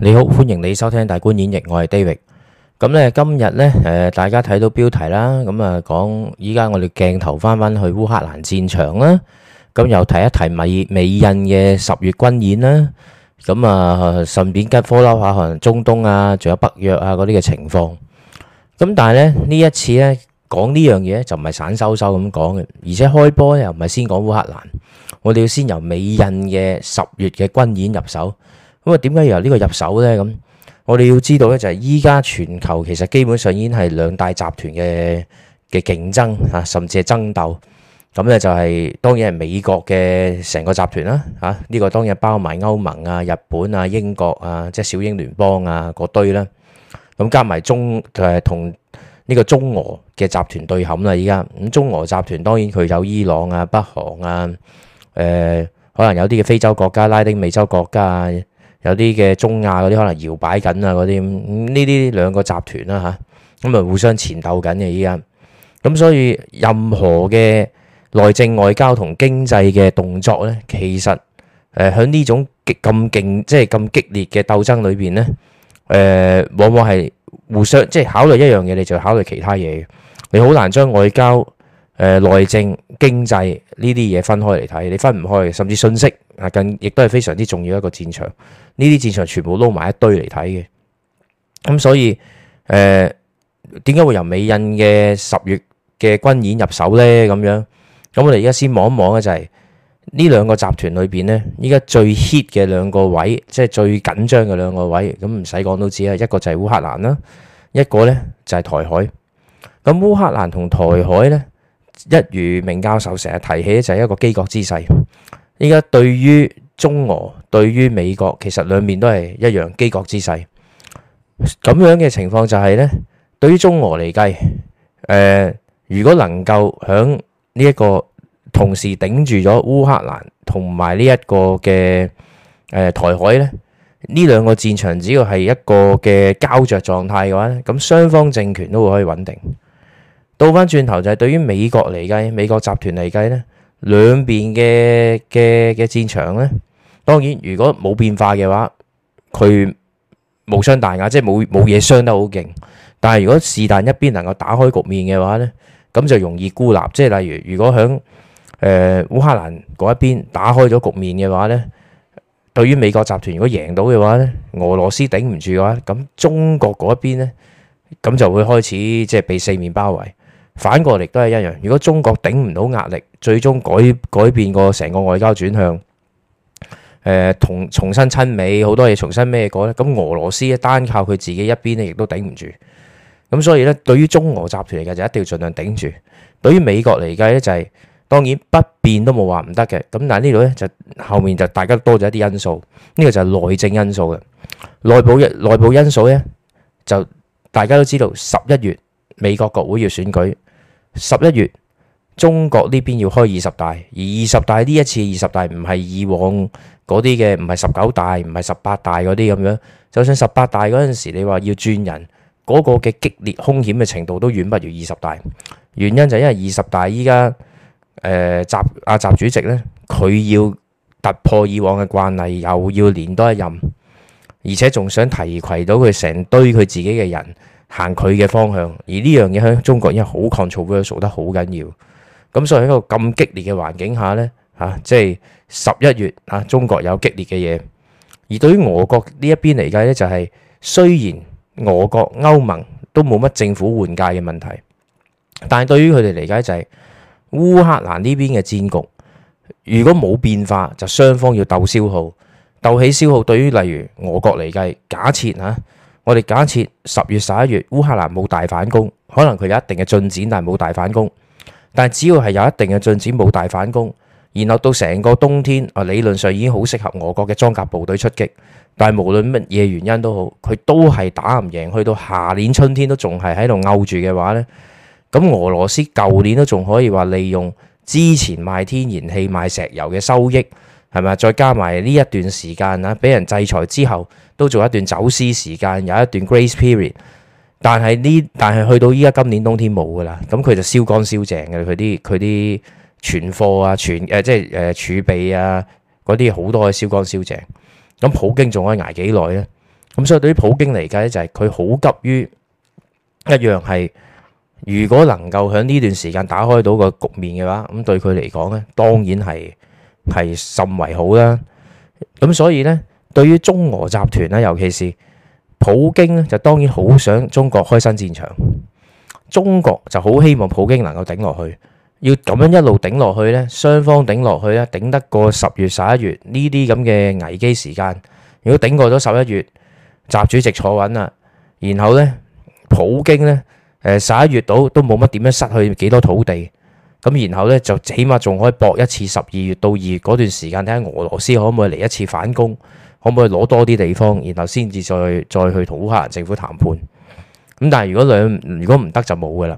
你好，歡迎你收聽大觀演繹，我係 David。咁咧，今日咧，誒，大家睇到標題啦，咁啊，講依家我哋鏡頭翻翻去烏克蘭戰場啦，咁又提一提美美印嘅十月軍演啦，咁啊，順便跟 follow 下可能中東啊，仲有北約啊嗰啲嘅情況。咁但係咧，呢一次咧講呢樣嘢就唔係散收收咁講嘅，而且開波又唔係先講烏克蘭，我哋要先由美印嘅十月嘅軍演入手。咁啊，點解由呢個入手咧？咁我哋要知道咧，就係依家全球其實基本上已經係兩大集團嘅嘅競爭啊，甚至係爭鬥。咁咧就係、是、當然係美國嘅成個集團啦，嚇、啊、呢、這個當然包埋歐盟啊、日本啊、英國啊，即係小英聯邦啊嗰堆啦、啊。咁加埋中誒同呢個中俄嘅集團對撼啦，依家咁中俄集團當然佢有伊朗啊、北韓啊，誒、呃、可能有啲嘅非洲國家、拉丁美洲國家。有啲嘅中亞嗰啲可能搖擺緊啊，嗰啲咁呢啲兩個集團啦嚇，咁啊互相纏鬥緊嘅依家，咁所以任何嘅內政、外交同經濟嘅動作咧，其實誒喺呢種激咁勁，即係咁激烈嘅鬥爭裏邊咧，誒往往係互相即係、就是、考慮一樣嘢，你就考慮其他嘢，你好難將外交。誒內政經濟呢啲嘢分開嚟睇，你分唔開嘅，甚至信息啊，更亦都係非常之重要一個戰場。呢啲戰場全部撈埋一堆嚟睇嘅。咁所以誒，點解會由美印嘅十月嘅軍演入手咧？咁樣咁我哋而家先望一望咧，就係呢兩個集團裏邊咧，依家最 hit 嘅兩個位，即係最緊張嘅兩個位。咁唔使講都知啦，一個就係烏克蘭啦，一個咧就係台海。咁烏克蘭同台海咧。一如明教授成日提起就係一個基國之勢。依家對於中俄、對於美國，其實兩面都係一樣基國之勢。咁樣嘅情況就係、是、咧，對於中俄嚟計，誒、呃、如果能夠喺呢一個同時頂住咗烏克蘭同埋呢一個嘅誒台海咧，呢兩個戰場只要係一個嘅膠着狀態嘅話咧，咁雙方政權都會可以穩定。倒翻轉頭就係對於美國嚟計，美國集團嚟計咧，兩邊嘅嘅嘅戰場咧，當然如果冇變化嘅話，佢無傷大雅，即係冇冇嘢傷得好勁。但係如果是但一邊能夠打開局面嘅話咧，咁就容易孤立。即係例如如果響誒烏克蘭嗰一邊打開咗局面嘅話咧，對於美國集團如果贏到嘅話咧，俄羅斯頂唔住嘅話，咁中國嗰一邊咧，咁就會開始即係被四面包圍。反過嚟都係一樣。如果中國頂唔到壓力，最終改改變個成個外交轉向，誒、呃，同重新親美好多嘢重新咩過咧？咁俄羅斯單靠佢自己一邊咧，亦都頂唔住。咁所以咧，對於中俄集團嚟嘅就一定要盡量頂住。對於美國嚟嘅咧，就係當然不變都冇話唔得嘅。咁但係呢度咧就後面就大家都多咗一啲因素，呢、這個就係內政因素嘅內部嘅內部因素咧，就大家都知道十一月美國國會要選舉。十一月，中國呢邊要開二十大，而二十大呢一次二十大唔係以往嗰啲嘅，唔係十九大，唔係十八大嗰啲咁樣。就算十八大嗰陣時，你話要轉人，嗰、個嘅激烈、兇險嘅程度都遠不如二十大。原因就係因為二十大依家誒習阿、啊、習主席咧，佢要突破以往嘅慣例，又要連多一任，而且仲想提攜到佢成堆佢自己嘅人。行佢嘅方向，而呢樣嘢喺中國已經好 controversial 得好緊要，咁所以喺一個咁激烈嘅環境下呢，嚇，即係十一月嚇中國有激烈嘅嘢，而對於俄國呢一邊嚟計呢、就是，就係雖然俄國歐盟都冇乜政府換屆嘅問題，但係對於佢哋嚟計就係、是、烏克蘭呢邊嘅戰局，如果冇變化就雙方要鬥消耗，鬥起消耗對於例如俄國嚟計，假設嚇。我哋假設十月十一月烏克蘭冇大反攻，可能佢有一定嘅進展，但係冇大反攻。但係只要係有一定嘅進展冇大反攻，然後到成個冬天啊，理論上已經好適合俄國嘅裝甲部隊出擊。但係無論乜嘢原因都好，佢都係打唔贏。去到下年春天都仲係喺度漚住嘅話呢，咁俄羅斯舊年都仲可以話利用之前賣天然氣賣石油嘅收益。係咪？再加埋呢一段時間啊，俾人制裁之後，都做一段走私時間，有一段 grace period 但，但係呢，但係去到依家今年冬天冇㗎啦。咁佢就燒乾燒淨㗎啦。佢啲佢啲存貨啊，存誒、呃、即係誒、呃、儲備啊，嗰啲好多嘅燒乾燒淨。咁普京仲可以挨幾耐咧？咁所以對於普京嚟講咧，就係佢好急於一樣係，如果能夠喺呢段時間打開到個局面嘅話，咁對佢嚟講咧，當然係。係甚為好啦，咁所以咧，對於中俄集團咧，尤其是普京咧，就當然好想中國開新戰場。中國就好希望普京能夠頂落去，要咁樣一路頂落去咧，雙方頂落去咧，頂得過十月十一月呢啲咁嘅危機時間。如果頂過咗十一月，習主席坐穩啦，然後咧，普京咧，誒十一月到都冇乜點樣失去幾多土地。咁然後咧就起碼仲可以搏一次十二月到二月嗰段時間，睇下俄羅斯可唔可以嚟一次反攻，可唔可以攞多啲地方，然後先至再再去同烏克蘭政府談判。咁但係如果兩如果唔得就冇噶啦，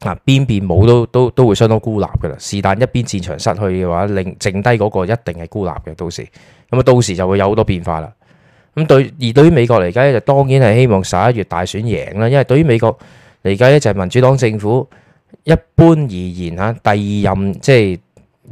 啊邊邊冇都都都會相當孤立噶啦。是但一邊戰場失去嘅話，令剩低嗰個一定係孤立嘅。到時咁啊，到時就會有好多變化啦。咁對而對於美國嚟講就當然係希望十一月大選贏啦。因為對於美國嚟講就係民主黨政府。一般而言嚇，第二任即係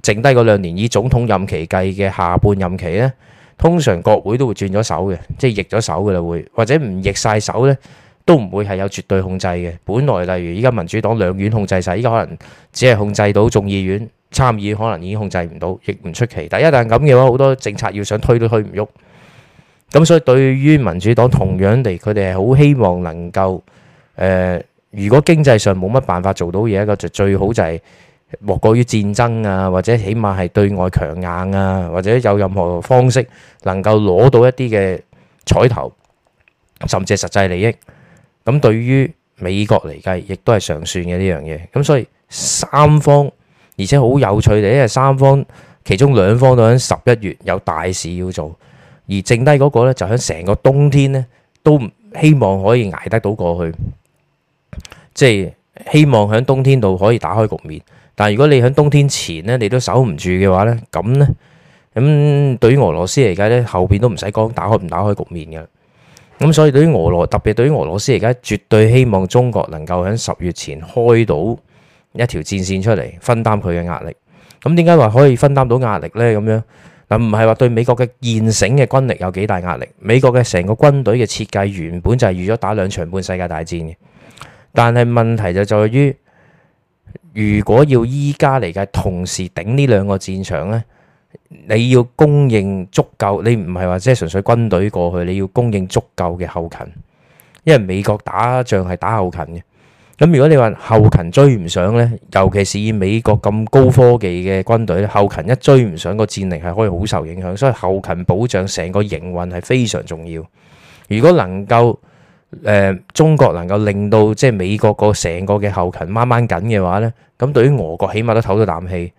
剩低嗰兩年，以總統任期計嘅下半任期呢，通常國會都會轉咗手嘅，即係逆咗手嘅啦會，或者唔逆晒手呢都唔會係有絕對控制嘅。本來例如依家民主黨兩院控制晒，依家可能只係控制到眾議院，參議院可能已經控制唔到，亦唔出奇。但一旦咁嘅話，好多政策要想推都推唔喐。咁所以對於民主黨同樣地，佢哋係好希望能夠誒。呃如果經濟上冇乜辦法做到嘢，個就最最好就係莫過於戰爭啊，或者起碼係對外強硬啊，或者有任何方式能夠攞到一啲嘅彩頭，甚至係實際利益咁。對於美國嚟計，亦都係尚算嘅呢樣嘢。咁所以三方而且好有趣嘅，因為三方其中兩方都喺十一月有大事要做，而剩低嗰個咧就喺成個冬天咧都希望可以捱得到過去。即係希望喺冬天度可以打開局面，但係如果你喺冬天前呢，你都守唔住嘅話呢，咁呢，咁對於俄羅斯嚟講呢，後邊都唔使講打開唔打開局面嘅。咁所以對於俄羅特別對於俄羅斯嚟講，絕對希望中國能夠喺十月前開到一條戰線出嚟，分擔佢嘅壓力。咁點解話可以分擔到壓力呢？咁樣嗱，唔係話對美國嘅現成嘅軍力有幾大壓力？美國嘅成個軍隊嘅設計原本就係預咗打兩場半世界大戰嘅。但係問題就在於，如果要依家嚟，嘅同時頂呢兩個戰場咧，你要供應足夠，你唔係話即係純粹軍隊過去，你要供應足夠嘅後勤，因為美國打仗係打後勤嘅。咁如果你話後勤追唔上咧，尤其是以美國咁高科技嘅軍隊，後勤一追唔上個戰力係可以好受影響，所以後勤保障成個營運係非常重要。如果能夠，誒，中國能夠令到即係美國個成個嘅後勤掹掹緊嘅話咧，咁對於俄國起碼都唞咗啖氣，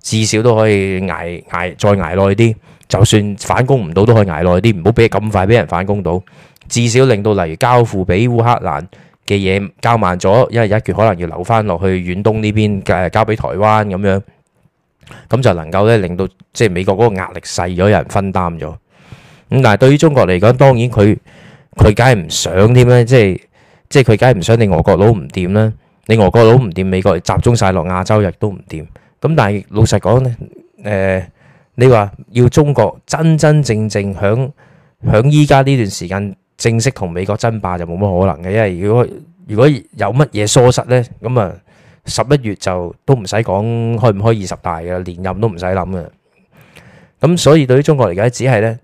至少都可以挨挨再挨耐啲，就算反攻唔到都可以挨耐啲，唔好俾咁快俾人反攻到，至少令到例如交付俾烏克蘭嘅嘢交慢咗，因為有一決可能要留翻落去遠東呢邊誒交俾台灣咁樣，咁就能夠咧令到即係美國嗰個壓力細咗，有人分擔咗。咁但係對於中國嚟講，當然佢。佢梗係唔想添啦，即係即係佢梗係唔想你俄國佬唔掂啦，你俄國佬唔掂，美國集中曬落亞洲亦都唔掂。咁但係老實講咧，誒，你話要中國真真正正響響依家呢段時間正式同美國爭霸就冇乜可能嘅，因為如果如果有乜嘢疏失咧，咁啊十一月就都唔使講開唔開二十大嘅，連任都唔使諗嘅。咁所以對於中國嚟講，只係咧。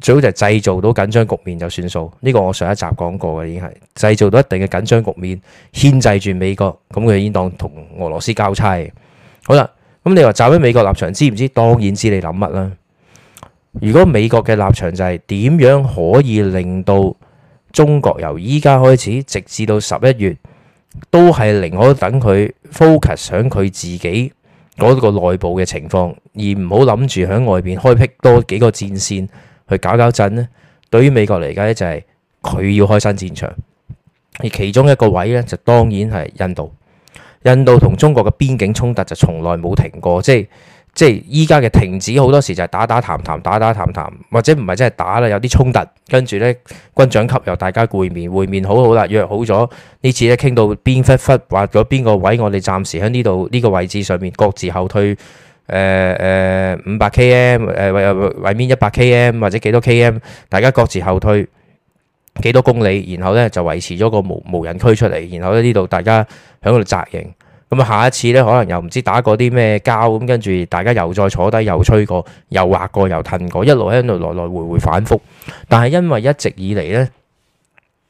最好就係製造到緊張局面就算數。呢個我上一集講過嘅，已經係製造到一定嘅緊張局面，牽制住美國咁，佢已經當同俄羅斯交差。好啦，咁你話站喺美國立場，知唔知？當然知你諗乜啦。如果美國嘅立場就係點樣可以令到中國由依家開始，直至到十一月都係寧可等佢 focus 上佢自己嗰個內部嘅情況，而唔好諗住喺外邊開闢多幾個戰線。去搞搞震呢，對於美國嚟講咧，就係佢要開新戰場，而其中一個位咧，就當然係印度。印度同中國嘅邊境衝突就從來冇停過，即係即係依家嘅停止好多時就係打打談談，打打談談，或者唔係真係打啦，有啲衝突，跟住咧軍長級又大家會面，會面好好啦，約好咗。呢次咧傾到邊忽忽，話咗邊個位，我哋暫時喺呢度呢個位置上面各自後退。誒誒五百 km 誒圍圍圍圍邊一百 km 或者幾多 km，大家各自後退幾多公里，然後咧就維持咗個無無人區出嚟，然後咧呢度大家喺度紮營。咁啊下一次咧可能又唔知打過啲咩膠，咁跟住大家又再坐低又吹過，又畫過，又騰過，一路喺度來來回回反覆。但係因為一直以嚟咧，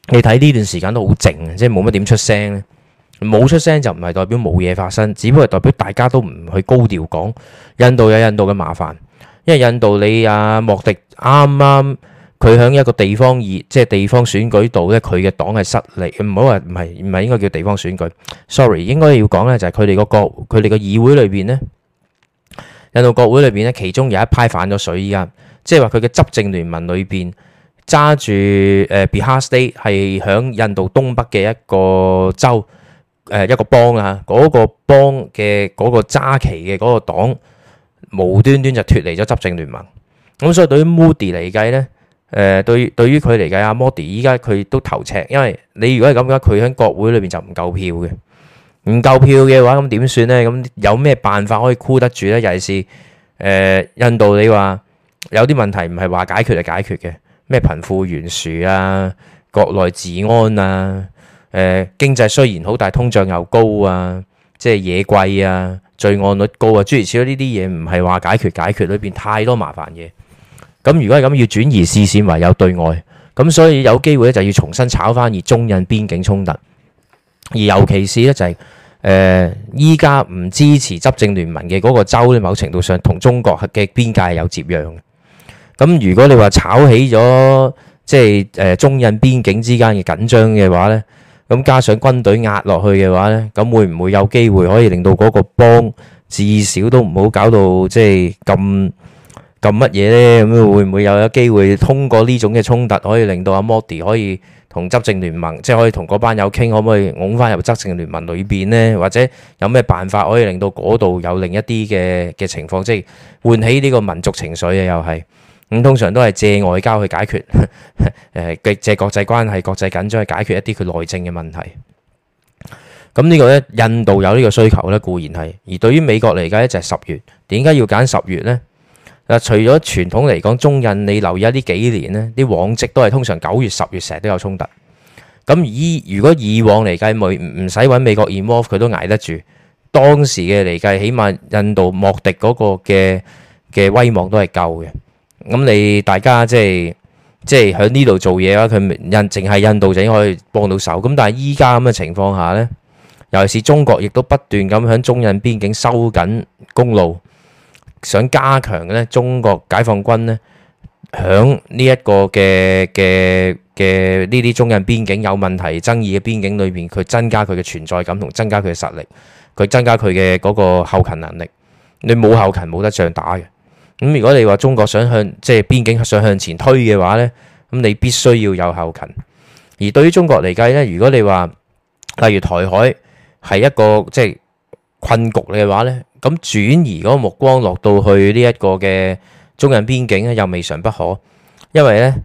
你睇呢段時間都好靜，即係冇乜點出聲咧。冇出聲就唔係代表冇嘢發生，只不過代表大家都唔去高調講。印度有印度嘅麻煩，因為印度你阿、啊、莫迪啱啱佢喺一個地方議即係地方選舉度咧，佢嘅黨係失利。唔好話唔係唔係應該叫地方選舉，sorry 應該要講咧就係佢哋個國佢哋個議會裏邊咧，印度國會裏邊咧其中有一派反咗水依家，即係話佢嘅執政聯盟裏邊揸住誒 Bihar State 係喺印度東北嘅一個州，誒一個邦啊，嗰、那個邦嘅嗰個揸旗嘅嗰個黨無端端就脫離咗執政聯盟，咁所以對於 Modi 嚟計咧，誒、呃、對對於佢嚟計，阿 Modi 依家佢都頭赤，因為你如果係咁嘅，佢喺國會裏面就唔夠票嘅，唔夠票嘅話，咁點算咧？咁有咩辦法可以箍得住咧？尤其是誒、呃、印度你，你話有啲問題唔係話解決就解決嘅，咩貧富懸殊啊，國內治安啊。誒經濟雖然好大，通脹又高啊，即係嘢貴啊，罪案率高啊，諸如此類呢啲嘢唔係話解決，解決裏邊太多麻煩嘢。咁如果係咁，要轉移視線唯有對外，咁所以有機會咧就要重新炒返而中印邊境衝突，而尤其是咧就係誒依家唔支持執政聯盟嘅嗰個州咧，某程度上同中國嘅邊界係有接壤嘅。咁如果你話炒起咗即係誒中印邊境之間嘅緊張嘅話咧。咁加上軍隊壓落去嘅話呢，咁會唔會有機會可以令到嗰個邦至少都唔好搞到，即係咁咁乜嘢呢？咁會唔會有一機會通過呢種嘅衝突，可以令到阿 Modi 可以同執政聯盟，即係可以同嗰班友傾，可唔可以拱翻入執政聯盟裏邊呢？或者有咩辦法可以令到嗰度有另一啲嘅嘅情況，即係喚起呢個民族情緒啊？又係。咁通常都係借外交去解決，誒 借國際關係、國際緊張去解決一啲佢內政嘅問題。咁呢個咧，印度有呢個需求咧，固然係。而對於美國嚟計咧，就係十月。點解要揀十月咧？除咗傳統嚟講，中印你留意下呢幾年呢啲往績都係通常九月、十月成日都有衝突。咁以如果以往嚟計，唔使揾美國 involve 佢都捱得住。當時嘅嚟計，起碼印度莫迪嗰個嘅嘅威望都係夠嘅。咁你大家即係即係喺呢度做嘢嘅話，佢印淨係印度仔可以幫到手。咁但係依家咁嘅情況下呢，尤其是中國亦都不斷咁喺中印邊境收緊公路，想加強呢中國解放軍呢響呢一個嘅嘅嘅呢啲中印邊境有問題爭議嘅邊境裏面，佢增加佢嘅存在感同增加佢嘅實力，佢增加佢嘅嗰個後勤能力。你冇後勤冇得仗打嘅。咁如果你話中國想向即係邊境想向前推嘅話咧，咁你必須要有後勤。而對於中國嚟計咧，如果你話例如台海係一個即係困局嘅話咧，咁轉移嗰個目光落到去呢一個嘅中印邊境咧，又未嘗不可。因為咧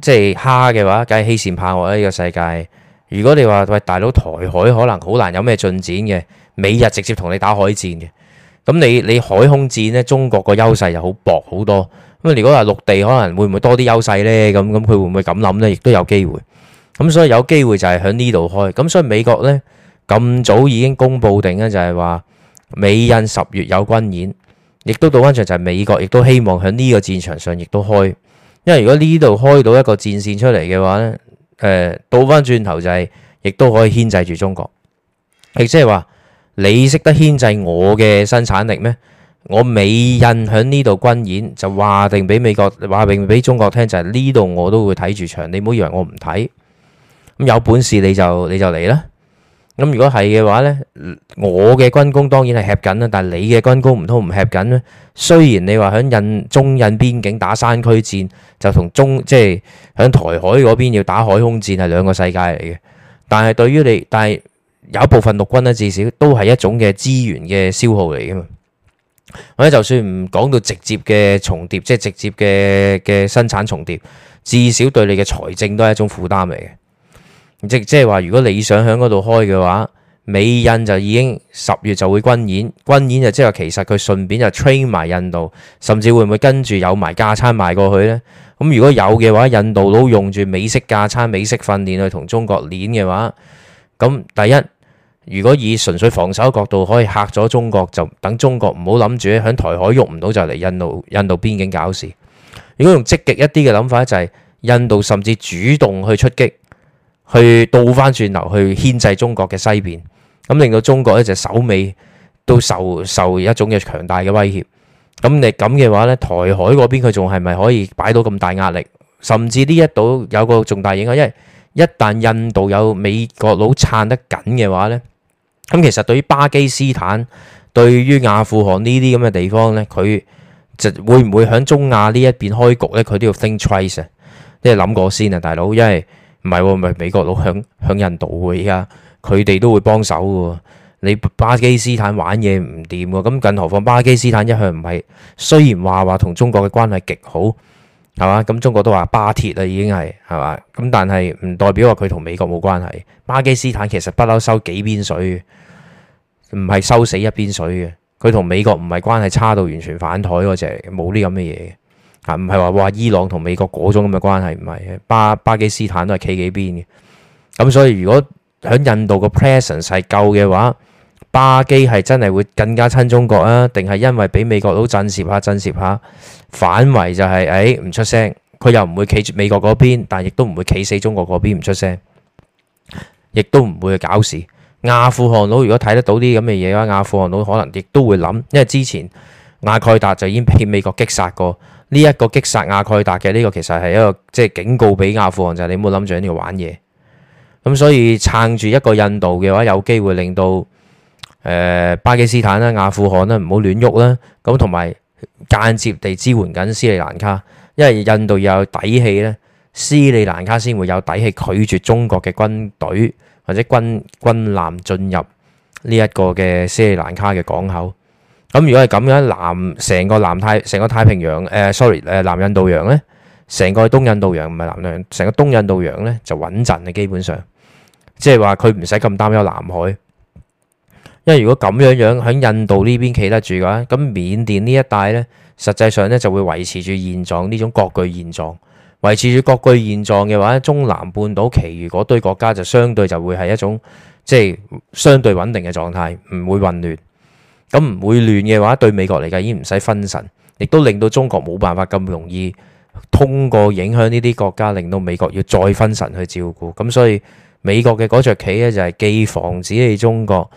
即係蝦嘅話，梗係欺善怕惡啦！呢個世界，如果你話喂大佬台海可能好難有咩進展嘅，美日直接同你打海戰嘅。咁你你海空戰咧，中國個優勢又好薄好多。咁啊，如果話陸地可能會唔會多啲優勢咧？咁咁佢會唔會咁諗咧？亦都有機會。咁所以有機會就係響呢度開。咁所以美國咧，咁早已經公布定咧，就係話美印十月有軍演，亦都倒翻轉就係美國亦都希望響呢個戰場上亦都開。因為如果呢度開到一個戰線出嚟嘅話咧，誒、呃、倒翻轉頭就係、是、亦都可以牽制住中國，亦即係話。你識得牽制我嘅生產力咩？我美印響呢度軍演就話定俾美國，話定俾中國聽，就係呢度我都會睇住場。你唔好以為我唔睇。咁有本事你就你就嚟啦。咁如果係嘅話呢，我嘅軍工當然係吃緊啦。但係你嘅軍工唔通唔吃緊咧？雖然你話響印中印邊境打山區戰，就同中即係響台海嗰邊要打海空戰係兩個世界嚟嘅。但係對於你，但係。有一部分陸軍咧，至少都係一種嘅資源嘅消耗嚟嘅嘛。或者就算唔講到直接嘅重疊，即係直接嘅嘅生產重疊，至少對你嘅財政都係一種負擔嚟嘅。即即係話，如果你想喺嗰度開嘅話，美印就已經十月就會軍演，軍演就即係其實佢順便就 train 埋印度，甚至會唔會跟住有埋架撐賣過去呢？咁如果有嘅話，印度佬用住美式架撐、美式訓練去同中國練嘅話，咁第一，如果以純粹防守角度可以嚇咗中國，就等中國唔好諗住喺台海喐唔到，就嚟印度印度邊境搞事。如果用積極一啲嘅諗法，就係印度甚至主動去出擊，去倒翻轉頭去牽制中國嘅西邊，咁令到中國一隻首尾都受受一種嘅強大嘅威脅。咁你咁嘅話咧，台海嗰邊佢仲係咪可以擺到咁大壓力？甚至呢一度有一個重大影響，因為一旦印度有美國佬撐得緊嘅話咧。咁其實對於巴基斯坦、對於亞富汗呢啲咁嘅地方呢，佢會唔會喺中亞呢一邊開局呢？佢都要 think twice 啊，即係諗過先啊，大佬，因為唔係唔係美國佬響響印度喎，依家佢哋都會幫手喎。你巴基斯坦玩嘢唔掂喎，咁更何況巴基斯坦一向唔係，雖然話話同中國嘅關係極好。係嘛？咁中國都話巴鐵啦，已經係係嘛？咁但係唔代表話佢同美國冇關係。巴基斯坦其實不嬲收幾邊水，唔係收死一邊水嘅。佢同美國唔係關係差到完全反台嗰隻，冇呢咁嘅嘢嘅。吓，唔係話話伊朗同美國嗰種咁嘅關係唔係嘅。巴巴基斯坦都係企幾邊嘅。咁所以如果喺印度個 presence 係夠嘅話。巴基係真係會更加親中國啊？定係因為俾美國佬震懾下震懾下，反為就係誒唔出聲，佢又唔會企住美國嗰邊，但亦都唔會企死中國嗰邊唔出聲，亦都唔會搞事。亞富汗佬如果睇得到啲咁嘅嘢嘅話，亞富汗佬可能亦都會諗，因為之前阿蓋達就已經被美國擊殺過，呢一個擊殺阿蓋達嘅呢個其實係一個即係警告俾亞富汗，就係你唔好諗住喺呢度玩嘢咁，所以撐住一個印度嘅話，有機會令到。誒、呃、巴基斯坦啦、啊、阿富汗啦、啊，唔好亂喐啦、啊。咁同埋間接地支援緊斯里蘭卡，因為印度有底氣咧，斯里蘭卡先會有底氣拒絕中國嘅軍隊或者軍軍艦進入呢一個嘅斯里蘭卡嘅港口。咁如果係咁樣，南成個南太、成個太平洋誒、呃，sorry 誒南印度洋咧，成個東印度洋唔係南印度洋，成個東印度洋咧就穩陣嘅基本上，即係話佢唔使咁擔憂南海。即係如果咁樣樣喺印度呢邊企得住嘅話，咁緬甸呢一帶呢，實際上呢就會維持住現狀呢種割據現狀，維持住割據現狀嘅話，中南半島其餘嗰堆國家就相對就會係一種即係相對穩定嘅狀態，唔會混亂。咁唔會亂嘅話，對美國嚟講已經唔使分神，亦都令到中國冇辦法咁容易通過影響呢啲國家，令到美國要再分神去照顧。咁所以美國嘅嗰隻棋呢就係既防止你中國。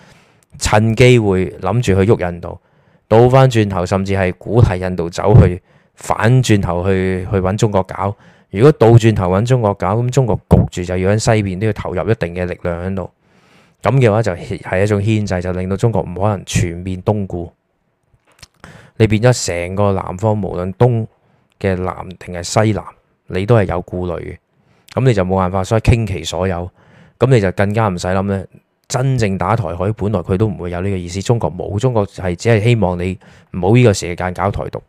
趁機會諗住去喐印度，倒翻轉頭甚至係鼓勵印度走去反轉頭去去揾中國搞。如果倒轉頭揾中國搞，咁中國焗住就要喺西邊都要投入一定嘅力量喺度。咁嘅話就係一種牽制，就令到中國唔可能全面東顧。你變咗成個南方，無論東嘅南定係西南，你都係有顧慮嘅。咁你就冇辦法，所以傾其所有，咁你就更加唔使諗咧。真正打台海，本來佢都唔會有呢個意思。中國冇，中國係只係希望你唔好呢個時間搞台獨。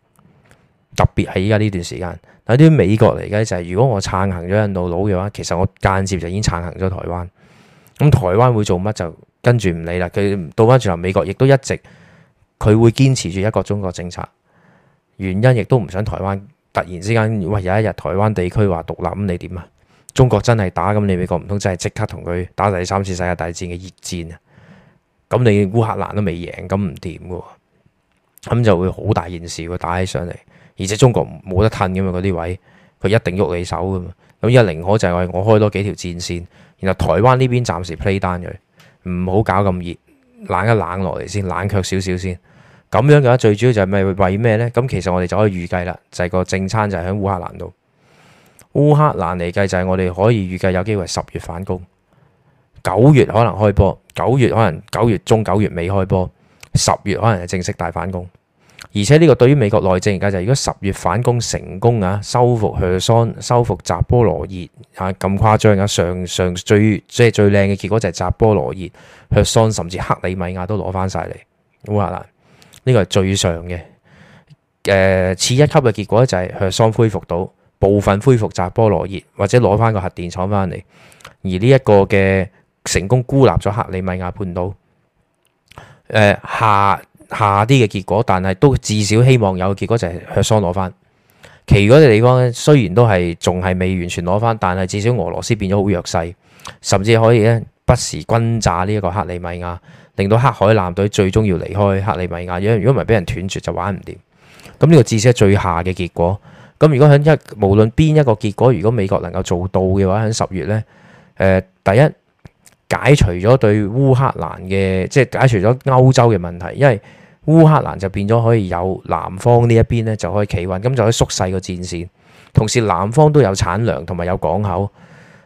特別係依家呢段時間，但對於美國嚟嘅就係、是，如果我撐行咗印度佬嘅話，其實我間接就已經撐行咗台灣。咁台灣會做乜就跟住唔理啦。佢倒返轉頭，美國亦都一直佢會堅持住一個中國政策，原因亦都唔想台灣突然之間，喂、哎、有一日台灣地區話獨立，咁你點啊？中國真係打咁，你美國唔通真係即刻同佢打第三次世界大戰嘅熱戰啊？咁你烏克蘭都未贏，咁唔掂嘅，咁就會好大件事會打起上嚟。而且中國冇得褪咁啊，嗰啲位佢一定喐你手噶嘛。咁一寧可就係我開多幾條戰線，然後台灣呢邊暫時 play 單佢，唔好搞咁熱，冷一冷落嚟先，冷卻少少先。咁樣嘅話，最主要就係咩為咩呢？咁其實我哋就可以預計啦，就係個正餐就喺烏克蘭度。烏克蘭嚟計就係我哋可以預計有機會十月反攻。九月可能開波，九月可能九月中九月尾開波，十月可能係正式大反攻。而且呢個對於美國內政嚟計就係如果十月反攻成功啊，收復赫桑、收復扎波羅熱啊，咁誇張啊！上上最即係最靚嘅結果就係扎波羅熱、赫桑，甚至克里米亞都攞翻晒嚟烏克蘭。呢、這個係最上嘅，誒、呃、次一級嘅結果就係赫桑恢復到。部分恢復扎波羅熱，或者攞翻個核電廠翻嚟，而呢一個嘅成功孤立咗克里米亞半島。誒、呃、下下啲嘅結果，但係都至少希望有個結果就係赫桑攞翻。其餘嗰啲地方咧，雖然都係仲係未完全攞翻，但係至少俄羅斯變咗好弱勢，甚至可以咧不時轟炸呢一個克里米亞，令到黑海艦隊最終要離開克里米亞。如果唔係俾人斷絕就玩唔掂。咁呢個至少係最下嘅結果。咁如果響一無論邊一個結果，如果美國能夠做到嘅話，響十月咧，誒、呃、第一解除咗對烏克蘭嘅，即係解除咗歐洲嘅問題，因為烏克蘭就變咗可以有南方呢一邊咧，就可以企穩，咁就可以縮細個戰線，同時南方都有產糧同埋有港口，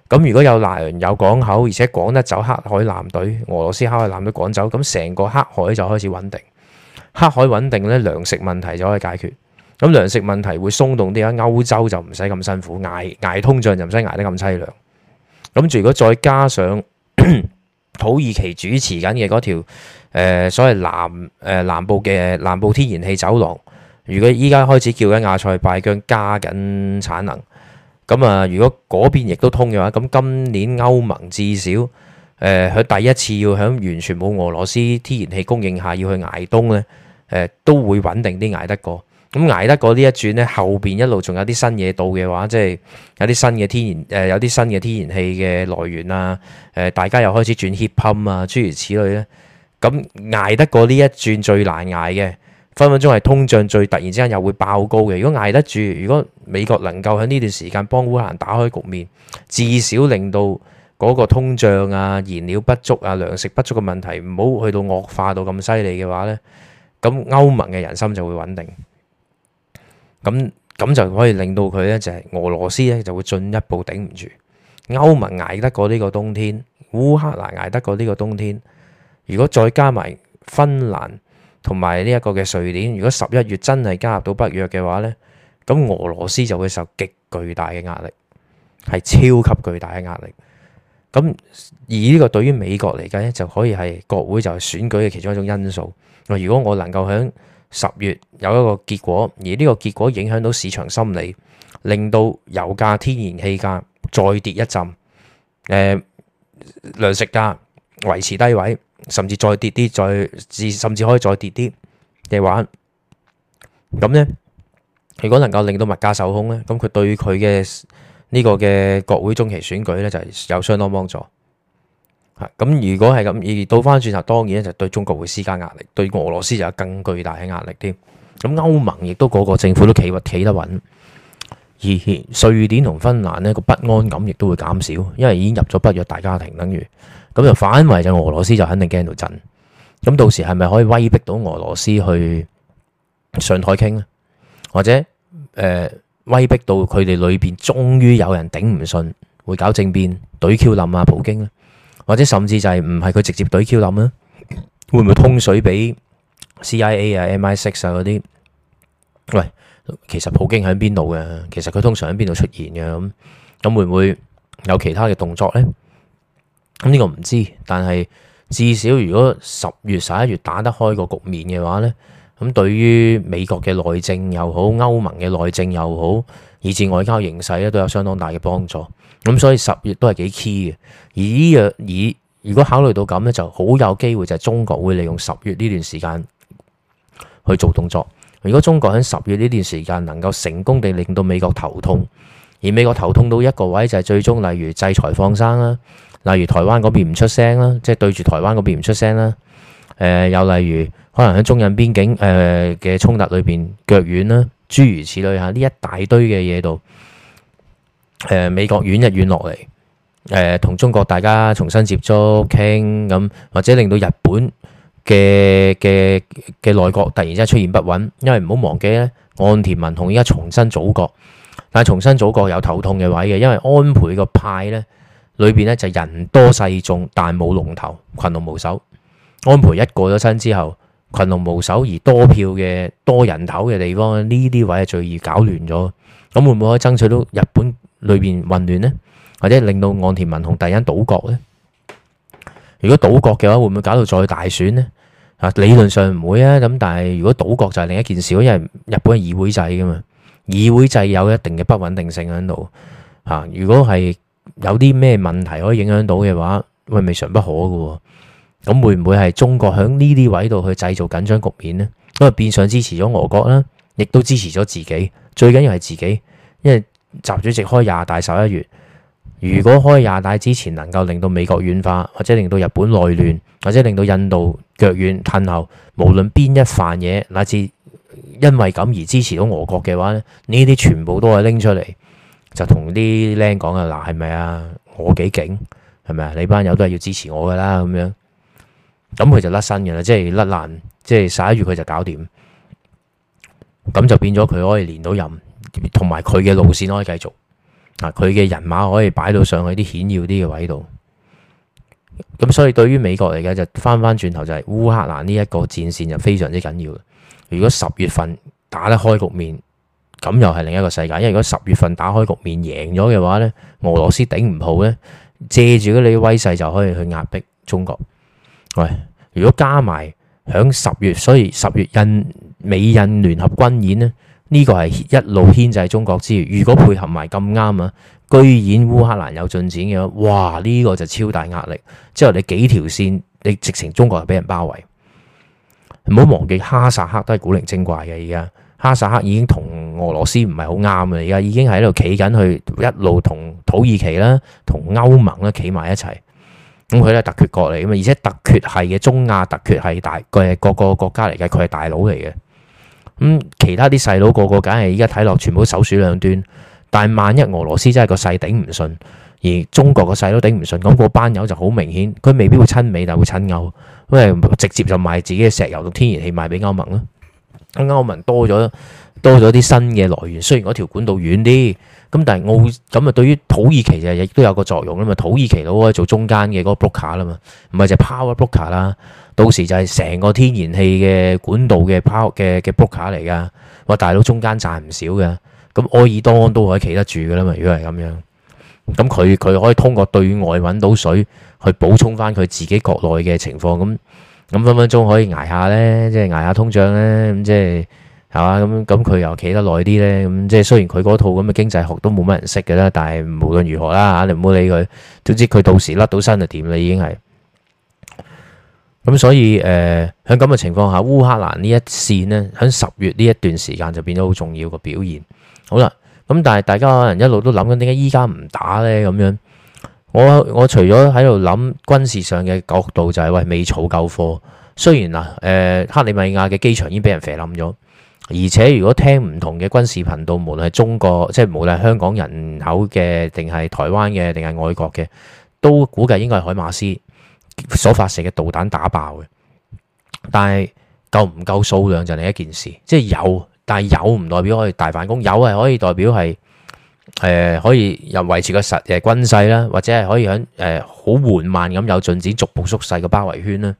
咁如果有糧有港口，而且趕得走黑海艦隊、俄羅斯黑海艦隊趕走，咁成個黑海就開始穩定。黑海穩定咧，糧食問題就可以解決。咁糧食問題會鬆動啲，歐洲就唔使咁辛苦捱捱通脹，就唔使捱得咁凄涼。咁如果再加上 土耳其主持緊嘅嗰條、呃、所謂南誒南部嘅南部天然氣走廊，如果依家開始叫緊亞塞拜疆加緊產能，咁啊、呃、如果嗰邊亦都通嘅話，咁今年歐盟至少誒佢、呃、第一次要喺完全冇俄羅斯天然氣供應下要去捱冬咧，誒、呃、都會穩定啲捱得過。咁捱得過呢一轉咧，後邊一路仲有啲新嘢到嘅話，即係有啲新嘅天然，誒有啲新嘅天然氣嘅來源啊，誒大家又開始轉 heat pump 啊，諸如此類咧。咁捱得過呢一轉最難捱嘅，分分鐘係通脹最突然之間又會爆高嘅。如果捱得住，如果美國能夠喺呢段時間幫烏克蘭打開局面，至少令到嗰個通脹啊、燃料不足啊、糧食不足嘅問題唔好去到惡化到咁犀利嘅話咧，咁歐盟嘅人心就會穩定。咁咁就可以令到佢咧，就係俄羅斯咧就會進一步頂唔住。歐盟捱得過呢個冬天，烏克蘭捱得過呢個冬天。如果再加埋芬蘭同埋呢一個嘅瑞典，如果十一月真係加入到北約嘅話咧，咁俄羅斯就會受極巨大嘅壓力，係超級巨大嘅壓力。咁而呢個對於美國嚟講咧，就可以係國會就係選舉嘅其中一種因素。如果我能夠響十月有一個結果，而呢個結果影響到市場心理，令到油價、天然氣價再跌一陣。誒、呃，糧食價維持低位，甚至再跌啲，再至甚至可以再跌啲嘅話，咁呢，如果能夠令到物價受控呢，咁佢對佢嘅呢個嘅國會中期選舉呢，就係有相當幫助。咁，如果係咁而倒翻轉頭，就當然就對中國會施加壓力，對俄羅斯就有更巨大嘅壓力添。咁歐盟亦都個個政府都企企得穩，而瑞典同芬蘭呢個不安感亦都會減少，因為已經入咗北約大家庭，等於咁就反為就俄羅斯就肯定驚到震。咁到時係咪可以威逼到俄羅斯去上台傾咧，或者誒、呃、威逼到佢哋裏邊終於有人頂唔順，會搞政變懟 Q 林啊普京咧？或者甚至就係唔係佢直接對 Q 諗咧？會唔會通水俾 CIA 啊、MI6 啊嗰啲？喂，其實普京喺邊度嘅？其實佢通常喺邊度出現嘅？咁咁會唔會有其他嘅動作呢？咁、這、呢個唔知，但係至少如果十月十一月打得開個局面嘅話呢，咁對於美國嘅內政又好、歐盟嘅內政又好，以至外交形勢咧，都有相當大嘅幫助。咁所以十月都係幾 key 嘅，而呢樣而如果考慮到咁呢，就好有機會就係中國會利用十月呢段時間去做動作。如果中國喺十月呢段時間能夠成功地令到美國頭痛，而美國頭痛到一個位就係最終，例如制裁放生啦，例如台灣嗰邊唔出聲啦，即係對住台灣嗰邊唔出聲啦，誒又例如可能喺中印邊境誒嘅衝突裏邊腳軟啦，諸如此類吓，呢一大堆嘅嘢度。誒、呃，美國遠一遠落嚟，誒、呃，同中國大家重新接觸傾咁，或者令到日本嘅嘅嘅內閣突然之間出現不穩，因為唔好忘記咧，岸田文雄而家重新組閣，但係重新組閣有頭痛嘅位嘅，因為安倍個派咧裏邊咧就人多勢眾，但冇龍頭，群龍無首。安倍一過咗身之後，群龍無首而多票嘅多人頭嘅地方，呢啲位係最易搞亂咗。咁會唔會可以爭取到日本？裏邊混亂呢，或者令到岸田文雄突然倒閣呢？如果倒閣嘅話，會唔會搞到再大選呢？啊，理論上唔會啊，咁但係如果倒閣就係另一件事，因為日本係議會制噶嘛，議會制有一定嘅不穩定性喺度。吓，如果係有啲咩問題可以影響到嘅話，喂，未嘗不可噶。咁會唔會係中國響呢啲位度去製造緊張局面呢？因為，變相支持咗俄國啦，亦都支持咗自己，最緊要係自己，因為。習主席開廿大十一月，如果開廿大之前能夠令到美國軟化，或者令到日本內亂，或者令到印度腳軟褪後，無論邊一犯嘢，乃至因為咁而支持到俄國嘅話咧，呢啲全部都係拎出嚟，就同啲僆講啊嗱，係咪啊？我幾勁係咪啊？你班友都係要支持我㗎啦咁樣，咁佢就甩身㗎啦，即係甩爛，即係十一月佢就搞掂，咁就變咗佢可以連到任。同埋佢嘅路線可以繼續，嗱，佢嘅人馬可以擺到上去啲顯要啲嘅位度，咁所以對於美國嚟講就翻翻轉頭就係烏克蘭呢一個戰線就非常之緊要。如果十月份打得開局面，咁又係另一個世界。因為如果十月份打開局面贏咗嘅話呢，俄羅斯頂唔好，呢借住嗰啲威勢就可以去壓迫中國。喂、哎，如果加埋響十月，所以十月印美印聯合軍演咧。呢個係一路牽制中國之餘，如果配合埋咁啱啊，居然烏克蘭有進展嘅話，哇！呢、這個就超大壓力。之後你幾條線，你直情中國係俾人包圍。唔好忘記哈薩克都係古靈精怪嘅，而家哈薩克已經同俄羅斯唔係好啱嘅，而家已經係喺度企緊去一路同土耳其啦、同歐盟啦企埋一齊。咁佢咧突厥國嚟嘅嘛，而且突厥係嘅中亞突厥係大嘅各個國家嚟嘅，佢係大佬嚟嘅。咁其他啲細佬個個梗係依家睇落全部都首鼠兩端，但係萬一俄羅斯真係個勢頂唔順，而中國個細佬頂唔順，咁個班友就好明顯，佢未必會親美，但係會親歐，因為直接就賣自己嘅石油同天然氣賣俾歐盟啦。歐盟多咗多咗啲新嘅來源，雖然嗰條管道遠啲，咁但係澳咁啊，對於土耳其就亦都有個作用啦嘛。土耳其佬可以做中間嘅嗰個 broker 啦嘛，唔係就 power broker 啦。到時就係成個天然氣嘅管道嘅嘅嘅 book 卡嚟㗎，哇！大佬中間賺唔少㗎，咁愛爾多安都可以企得住㗎啦嘛。如果係咁樣，咁佢佢可以通過對外揾到水去補充翻佢自己國內嘅情況，咁咁分分鐘可以挨下呢？即係挨下通脹呢？咁即係係嘛？咁咁佢又企得耐啲呢？咁即係雖然佢嗰套咁嘅經濟學都冇乜人識㗎啦，但係無論如何啦嚇，你唔好理佢，總之佢到時甩到身就點啦，你已經係。咁、嗯、所以誒，喺咁嘅情況下，烏克蘭呢一綫呢，響十月呢一段時間就變咗好重要嘅表現好。好、嗯、啦，咁但係大家可能一路都諗緊，點解依家唔打咧？咁樣。我我除咗喺度諗軍事上嘅角度、就是，就係喂未儲夠貨。雖然嗱誒、呃，克里米亞嘅機場已經俾人肥冧咗，而且如果聽唔同嘅軍事頻道，無論係中國，即係無論香港人口嘅，定係台灣嘅，定係外國嘅，都估計應該係海馬斯。所發射嘅導彈打爆嘅。但係夠唔夠數量就另一件事，即係有，但係有唔代表可以大反攻，有係可以代表係誒、呃、可以又維持個實誒軍勢啦，或者係可以喺誒好緩慢咁有進展，逐步縮細個包圍圈啦。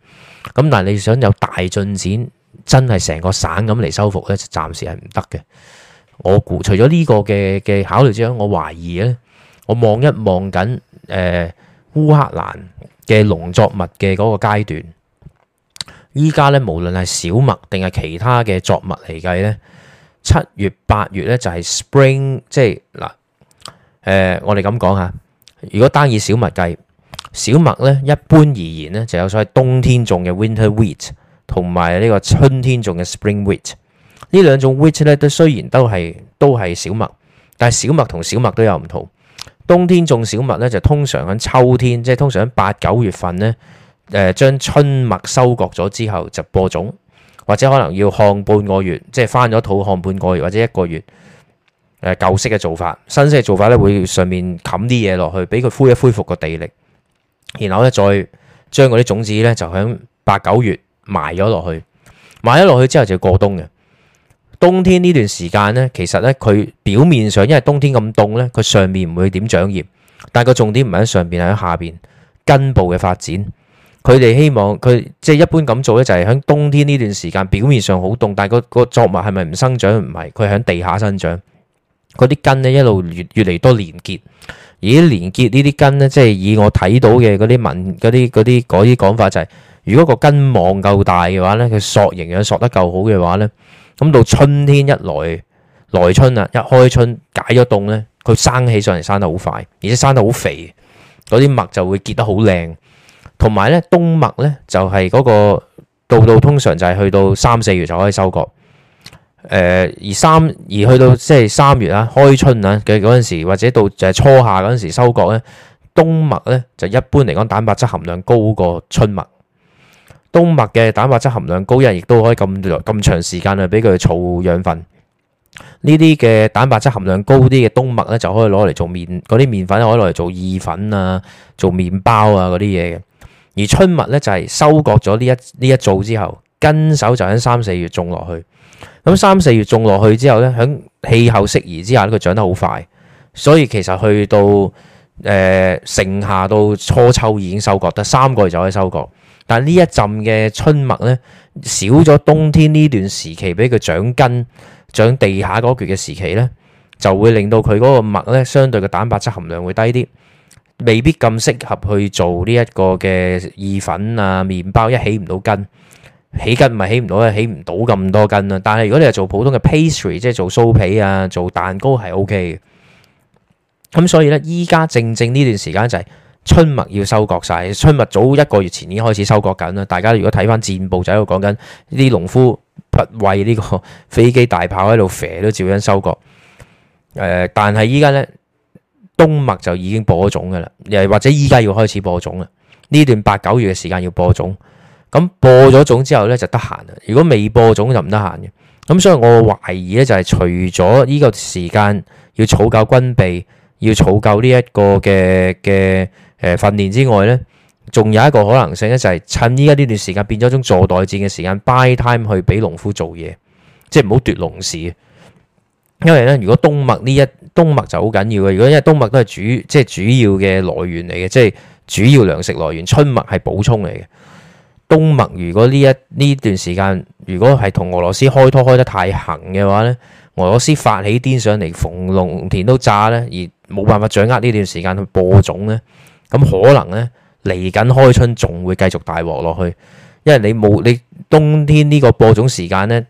咁但係你想有大進展，真係成個省咁嚟收復咧，就暫時係唔得嘅。我估除咗呢個嘅嘅考慮之外，我懷疑咧，我望一望緊誒烏克蘭嘅農作物嘅嗰個階段，依家咧無論係小麥定係其他嘅作物嚟計咧，七月八月咧就係 spring，即係嗱，誒、呃、我哋咁講下，如果單以小麥計，小麥咧一般而言咧就有所謂冬天種嘅 winter wheat 同埋呢個春天種嘅 spring wheat，呢兩種 wheat 咧都雖然都係都係小麥，但係小麥同小麥都有唔同。冬天種小麥咧，就通常喺秋天，即係通常喺八九月份咧，誒將春麥收割咗之後就播種，或者可能要旱半個月，即係翻咗土旱半個月或者一個月。誒舊式嘅做法，新式嘅做法咧會上面冚啲嘢落去，俾佢恢一恢復個地力，然後咧再將嗰啲種子咧就喺八九月埋咗落去，埋咗落去之後就要過冬嘅。冬天呢段時間呢，其實呢，佢表面上，因為冬天咁凍呢，佢上面唔會點長葉。但係個重點唔係喺上邊，係喺下邊根部嘅發展。佢哋希望佢即係一般咁做呢，就係喺冬天呢段時間表面上好凍，但係個個作物係咪唔生長？唔係，佢喺地下生長嗰啲根呢，一路越越嚟多連結而啲連結呢啲根呢，即係以我睇到嘅嗰啲文嗰啲啲啲講法就係，如果個根網夠大嘅話呢，佢索營養索得夠好嘅話呢。咁到春天一來，來春啊，一開春解咗凍咧，佢生起上嚟生得好快，而且生得好肥，嗰啲麥就會結得好靚。同埋咧，冬麥咧就係嗰個到到通常就係去到三四月就可以收割。誒、呃，而三而去到即係三月啊，開春啊嘅嗰陣時，或者到就係初夏嗰陣時收割咧，冬麥咧就一般嚟講，蛋白質含量高過春麥。冬麥嘅蛋白質含量高，人亦都可以咁咁長時間啊，俾佢儲養分。呢啲嘅蛋白質含量高啲嘅冬麥咧，就可以攞嚟做麵，嗰啲麵粉可以攞嚟做意粉啊、做麵包啊嗰啲嘢嘅。而春麥咧就係收割咗呢一呢一造之後，跟手就喺三四月種落去。咁三四月種落去之後咧，響氣候適宜之下咧，佢長得好快。所以其實去到誒盛夏到初秋已經收割得三個月就可以收割。但係呢一浸嘅春麥咧，少咗冬天呢段時期俾佢長根、長地下嗰橛嘅時期咧，就會令到佢嗰個麥咧相對嘅蛋白質含量會低啲，未必咁適合去做呢一個嘅意粉啊、麵包，一起唔到筋，起筋咪起唔到啊，起唔到咁多筋啦。但係如果你係做普通嘅 pastry，即係做酥皮啊、做蛋糕係 OK 嘅。咁所以咧，依家正正呢段時間就係、係。春麥要收割晒，春麥早一個月前已經開始收割緊啦。大家如果睇翻戰報仔，講緊呢啲農夫不畏呢個飛機大炮喺度肥都，照樣收割。誒、呃，但係依家呢，冬麥就已經播咗種嘅啦，又或者依家要開始播種啦。呢段八九月嘅時間要播種，咁播咗種之後呢就得閒啦。如果未播種就唔得閒嘅。咁、嗯、所以我懷疑呢，就係、是、除咗呢個時間要儲夠軍備，要儲夠呢一個嘅嘅，誒、呃、訓練之外咧，仲有一個可能性咧，就係趁依家呢段時間變咗種坐待戰嘅時間，buy time 去俾農夫做嘢，即係唔好奪農時。因為咧，如果冬麥呢一冬麥就好緊要嘅，如果因為冬麥都係主即係主要嘅來源嚟嘅，即係主要糧食來源，春麥係補充嚟嘅。冬麥如果呢一呢段時間，如果係同俄羅斯開拖開得太行嘅話咧，俄羅斯發起癲上嚟，逢農田都炸咧，而冇辦法掌握呢段時間去播種咧。咁可能咧，嚟緊開春仲會繼續大鑊落去，因為你冇你冬天呢個播種時間咧，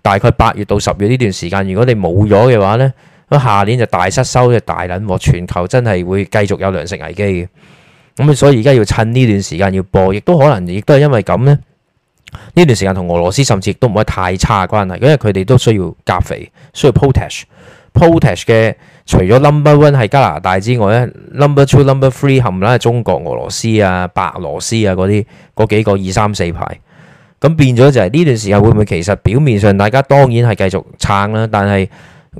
大概八月到十月呢段時間，如果你冇咗嘅話咧，咁下年就大失收，嘅大撚鑊，全球真係會繼續有糧食危機嘅。咁、嗯、所以而家要趁呢段時間要播，亦都可能，亦都係因為咁咧，呢段時間同俄羅斯甚至亦都冇得太差嘅關係，因為佢哋都需要鉀肥，需要 potash，potash 嘅 pot。除咗 Number One 係加拿大之外咧，Number Two、Number Three 含啦係中國、俄羅斯啊、白羅斯啊嗰啲嗰幾個二三四排，咁變咗就係呢段時間會唔會其實表面上大家當然係繼續撐啦，但係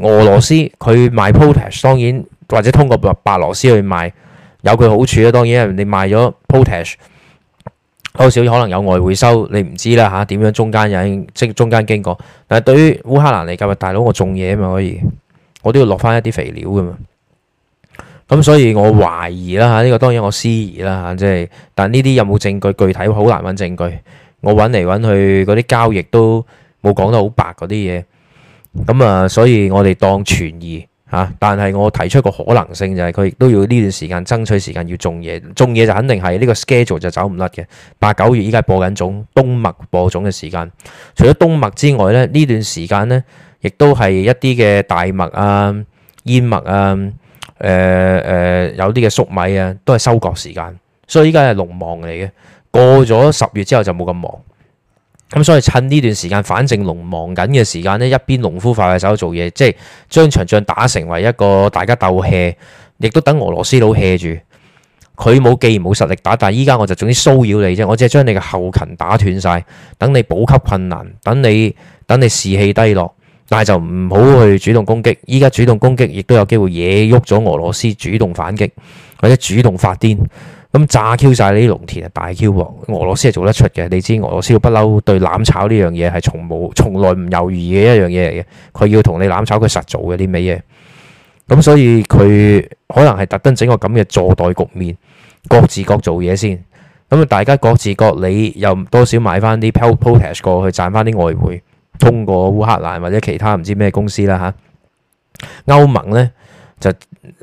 俄羅斯佢賣 potash 當然或者通過白白羅斯去賣有佢好處啊。當然係你賣咗 potash 好少可能有外匯收，你唔知啦吓，點樣中間有即中間經過，但係對於烏克蘭嚟講嘅大佬，我種嘢咪可以。我都要落翻一啲肥料噶嘛，咁所以我懷疑啦嚇，呢個當然我思疑啦嚇，即係但呢啲有冇證據？具體好難揾證據，我揾嚟揾去嗰啲交易都冇講得好白嗰啲嘢，咁啊，所以我哋當存疑嚇。但係我提出個可能性就係佢亦都要呢段時間爭取時間要種嘢，種嘢就肯定係呢個 schedule 就走唔甩嘅。八九月依家播緊種冬麥播種嘅時間，除咗冬麥之外呢，呢段時間呢。亦都係一啲嘅大麥啊、燕麥啊、誒、呃、誒、呃、有啲嘅粟米啊，都係收割時間，所以依家係農忙嚟嘅。過咗十月之後就冇咁忙，咁所以趁呢段時間，反正農忙緊嘅時間咧，一邊農夫快快手做嘢，即係將場仗打成為一個大家鬥氣，亦都等俄羅斯佬氣住佢冇，既然冇實力打，但係依家我就總之騷擾你啫，我只係將你嘅後勤打斷晒，等你補給困難，等你等你士氣低落。但係就唔好去主動攻擊，依家主動攻擊亦都有機會惹喐咗俄羅斯主動反擊或者主動發癲，咁炸 Q 晒你啲農田啊，大 Q 俄羅斯係做得出嘅，你知俄羅斯攬不嬲對攬炒呢樣嘢係從冇從來唔猶豫嘅一樣嘢嚟嘅，佢要同你攬炒佢實做嘅啲咩嘢。咁所以佢可能係特登整個咁嘅坐待局面，各自各做嘢先，咁啊大家各自各你又多少買翻啲 potash 過去賺翻啲外匯。.通過烏克蘭或者其他唔知咩公司啦，吓、啊、歐盟咧就誒、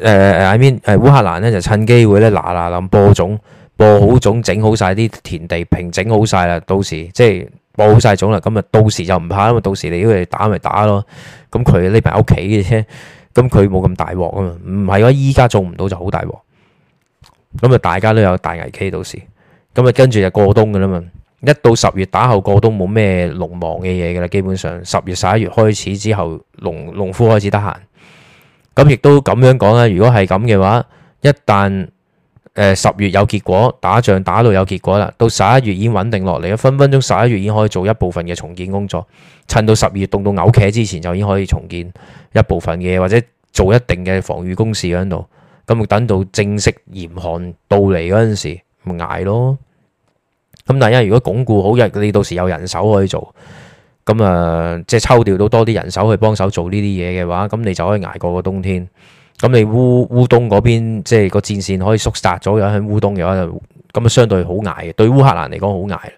呃，I mean 誒，烏克蘭咧就趁機會咧，嗱嗱咁播種，播好種，整好晒啲田地，平整好晒啦，到時即係播好晒種啦，咁啊到時就唔怕啦嘛，到時你如果嚟打咪打咯，咁佢匿埋屋企嘅啫，咁佢冇咁大鑊啊嘛，唔係話，依家做唔到就好大鑊，咁啊大家都有大危機到時，咁啊跟住就過冬噶啦嘛。一到十月打後過都冇咩農忙嘅嘢噶啦，基本上十月十一月開始之後，農農夫開始得閒。咁亦都咁樣講啦，如果係咁嘅話，一旦誒十月有結果，打仗打到有結果啦，到十一月已經穩定落嚟啦，分分鐘十一月已經可以做一部分嘅重建工作，趁到十二月凍到牛茄之前就已經可以重建一部分嘅嘢，或者做一定嘅防禦工事喺度。咁咪等到正式嚴寒到嚟嗰陣時，咪挨咯。咁，但係如果鞏固好，你到時有人手可以做咁啊、呃，即係抽調到多啲人手去幫手做呢啲嘢嘅話，咁你就可以挨過個冬天。咁你烏烏東嗰邊即係個戰線可以縮窄咗，有喺烏東嘅話，咁啊相對好挨嘅。對烏克蘭嚟講好挨。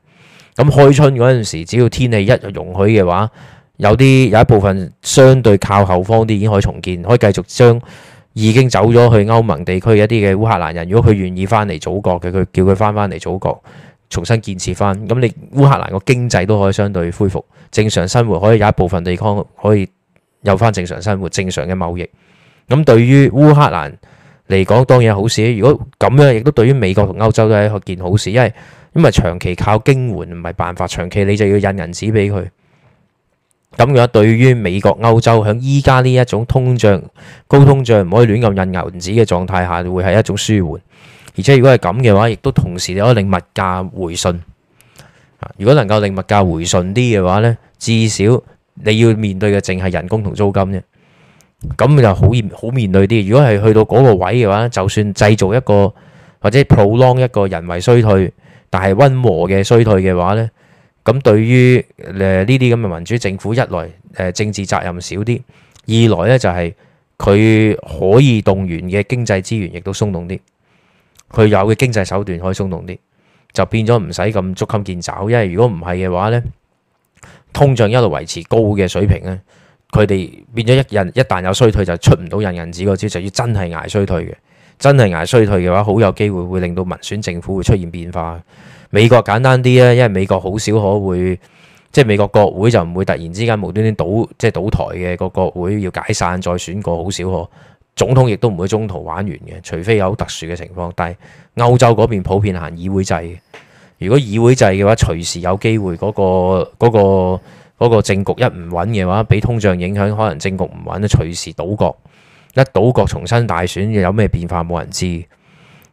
咁開春嗰陣時，只要天氣一容許嘅話，有啲有一部分相對靠後方啲已經可以重建，可以繼續將已經走咗去歐盟地區一啲嘅烏克蘭人，如果佢願意翻嚟祖國嘅，佢叫佢翻翻嚟祖國。重新建設翻，咁你烏克蘭個經濟都可以相對恢復正常生活，可以有一部分地方可以有翻正常生活、正常嘅貿易。咁對於烏克蘭嚟講，當然好事，如果咁樣亦都對於美國同歐洲都係一件好事，因為因為長期靠經援唔係辦法，長期你就要印銀紙俾佢。咁樣對於美國、歐洲響依家呢一種通脹、高通脹，唔可以亂咁印銀紙嘅狀態下，會係一種舒緩。而且如果係咁嘅話，亦都同時你可以令物價回順。啊，如果能夠令物價回順啲嘅話咧，至少你要面對嘅淨係人工同租金啫，咁就好易好面對啲。如果係去到嗰個位嘅話，就算製造一個或者 prolong 一個人為衰退，但係溫和嘅衰退嘅話咧，咁對於誒呢啲咁嘅民主政府一來誒政治責任少啲，二來咧就係佢可以動員嘅經濟資源亦都鬆動啲。佢有嘅經濟手段可以鬆動啲，就變咗唔使咁捉襟見肘。因為如果唔係嘅話呢，通脹一路維持高嘅水平呢，佢哋變咗一人，一旦有衰退，就出唔到印銀紙個招，就要真係捱衰退嘅。真係捱衰退嘅話，好有機會會令到民選政府會出現變化。美國簡單啲啊，因為美國好少可會，即係美國國會就唔會突然之間無端端倒，即係、就是、倒台嘅個國會要解散再選過好少可。總統亦都唔會中途玩完嘅，除非有好特殊嘅情況。但係歐洲嗰邊普遍行議會制，如果議會制嘅話，隨時有機會嗰個、嗰個、嗰個政局一唔穩嘅話，俾通脹影響，可能政局唔穩咧，隨時倒閣。一倒閣，重新大選有咩變化，冇人知。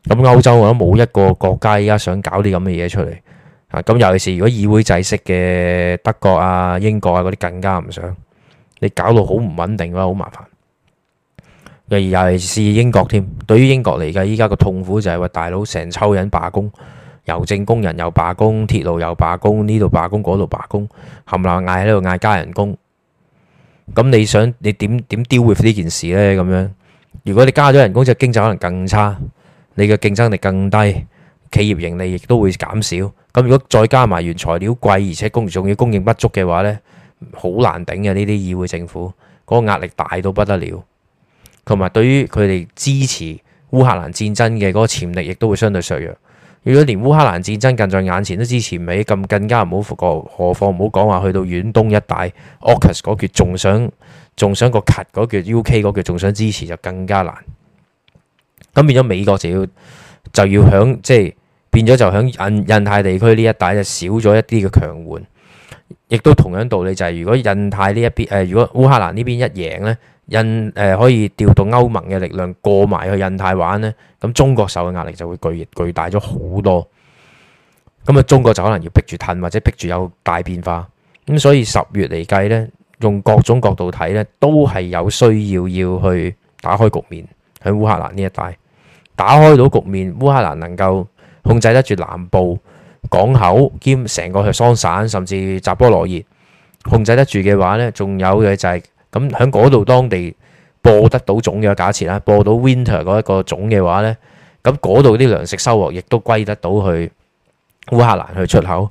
咁歐洲我都冇一個國家依家想搞啲咁嘅嘢出嚟。咁尤其是如果議會制式嘅德國啊、英國啊嗰啲更加唔想，你搞到好唔穩定嘅話，好麻煩。尤其是英國添，對於英國嚟講依家個痛苦就係話，大佬成抽人罷工，郵政工人又罷工，鐵路又罷工，呢度罷工，嗰度罷工，冚 𠾴 唥嗌喺度嗌加人工。咁你想你點點 deal with 呢件事呢？咁樣如果你加咗人工，就經濟可能更差，你嘅競爭力更低，企業盈利亦都會減少。咁如果再加埋原材料貴，而且供仲要供應不足嘅話呢，好難頂嘅，呢啲議會政府嗰個壓力大到不得了。同埋，對於佢哋支持烏克蘭戰爭嘅嗰個潛力，亦都會相對削弱。如果連烏克蘭戰爭近在眼前都支持美，咁更加唔好復過，何況唔好講話去到遠東一帶，AUKUS 嗰橛仲想仲想個 cut 嗰橛 UK 嗰橛仲想支持，就更加難。咁變咗美國就要就要響即係變咗就響印印太地區呢一帶就少咗一啲嘅強援，亦都同樣道理就係、是、如果印太呢一邊誒、呃，如果烏克蘭呢邊一贏呢。印誒、呃、可以調動歐盟嘅力量過埋去印太玩呢，咁中國受嘅壓力就會巨巨大咗好多。咁啊，中國就可能要逼住褪或者逼住有大變化。咁所以十月嚟計呢，用各種角度睇，呢都係有需要要去打開局面，喺烏克蘭呢一帶打開到局面，烏克蘭能夠控制得住南部港口兼成個雙省甚至扎波羅熱控制得住嘅話呢仲有嘅就係、是。咁喺嗰度當地播得到種嘅假設啦，播到 winter 嗰一個種嘅話咧，咁嗰度啲糧食收穫亦都歸得到去烏克蘭去出口。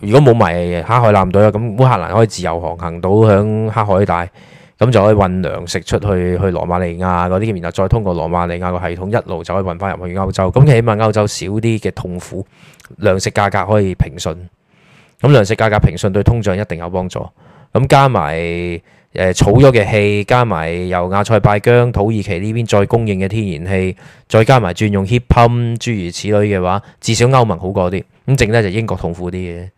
如果冇埋黑海艦隊啦，咁烏克蘭可以自由航行到響黑海帶，咁就可以運糧食出去去羅馬尼亞嗰啲，然後再通過羅馬尼亞個系統一路就可以運翻入去歐洲。咁起碼歐洲少啲嘅痛苦，糧食價格可以平順。咁糧食價格平順對通脹一定有幫助。咁加埋。誒儲咗嘅氣，加埋由亞塞拜疆、土耳其呢邊再供應嘅天然氣，再加埋轉用 heat pump 諸如此類嘅話，至少歐盟好過啲。咁淨咧就英國痛苦啲嘅。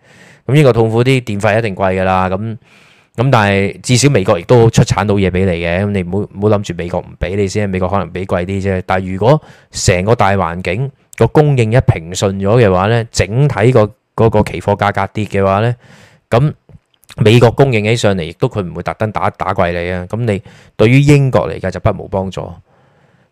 咁英國痛苦啲，電費一定貴噶啦。咁咁但係至少美國亦都出產到嘢俾你嘅。咁你唔好唔好諗住美國唔俾你先，美國可能俾貴啲啫。但係如果成個大環境個供應一平順咗嘅話咧，整體個嗰個期貨價格跌嘅話咧，咁。美國供應起上嚟，亦都佢唔會特登打打貴你啊！咁你對於英國嚟講就不無幫助，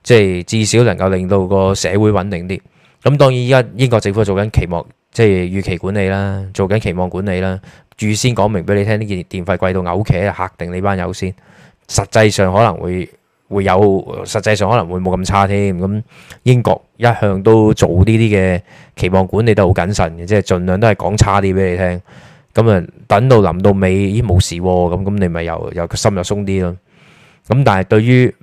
即係至少能夠令到個社會穩定啲。咁當然依家英國政府做緊期望，即係預期管理啦，做緊期望管理啦。預先講明俾你聽，呢件電費貴到嘔企啊，嚇定你班友先。實際上可能會會有，實際上可能會冇咁差添。咁英國一向都做呢啲嘅期望管理都好謹慎嘅，即係盡量都係講差啲俾你聽。咁啊，等到臨到尾已經冇事喎，咁咁你咪又又個心又鬆啲咯。咁但係對於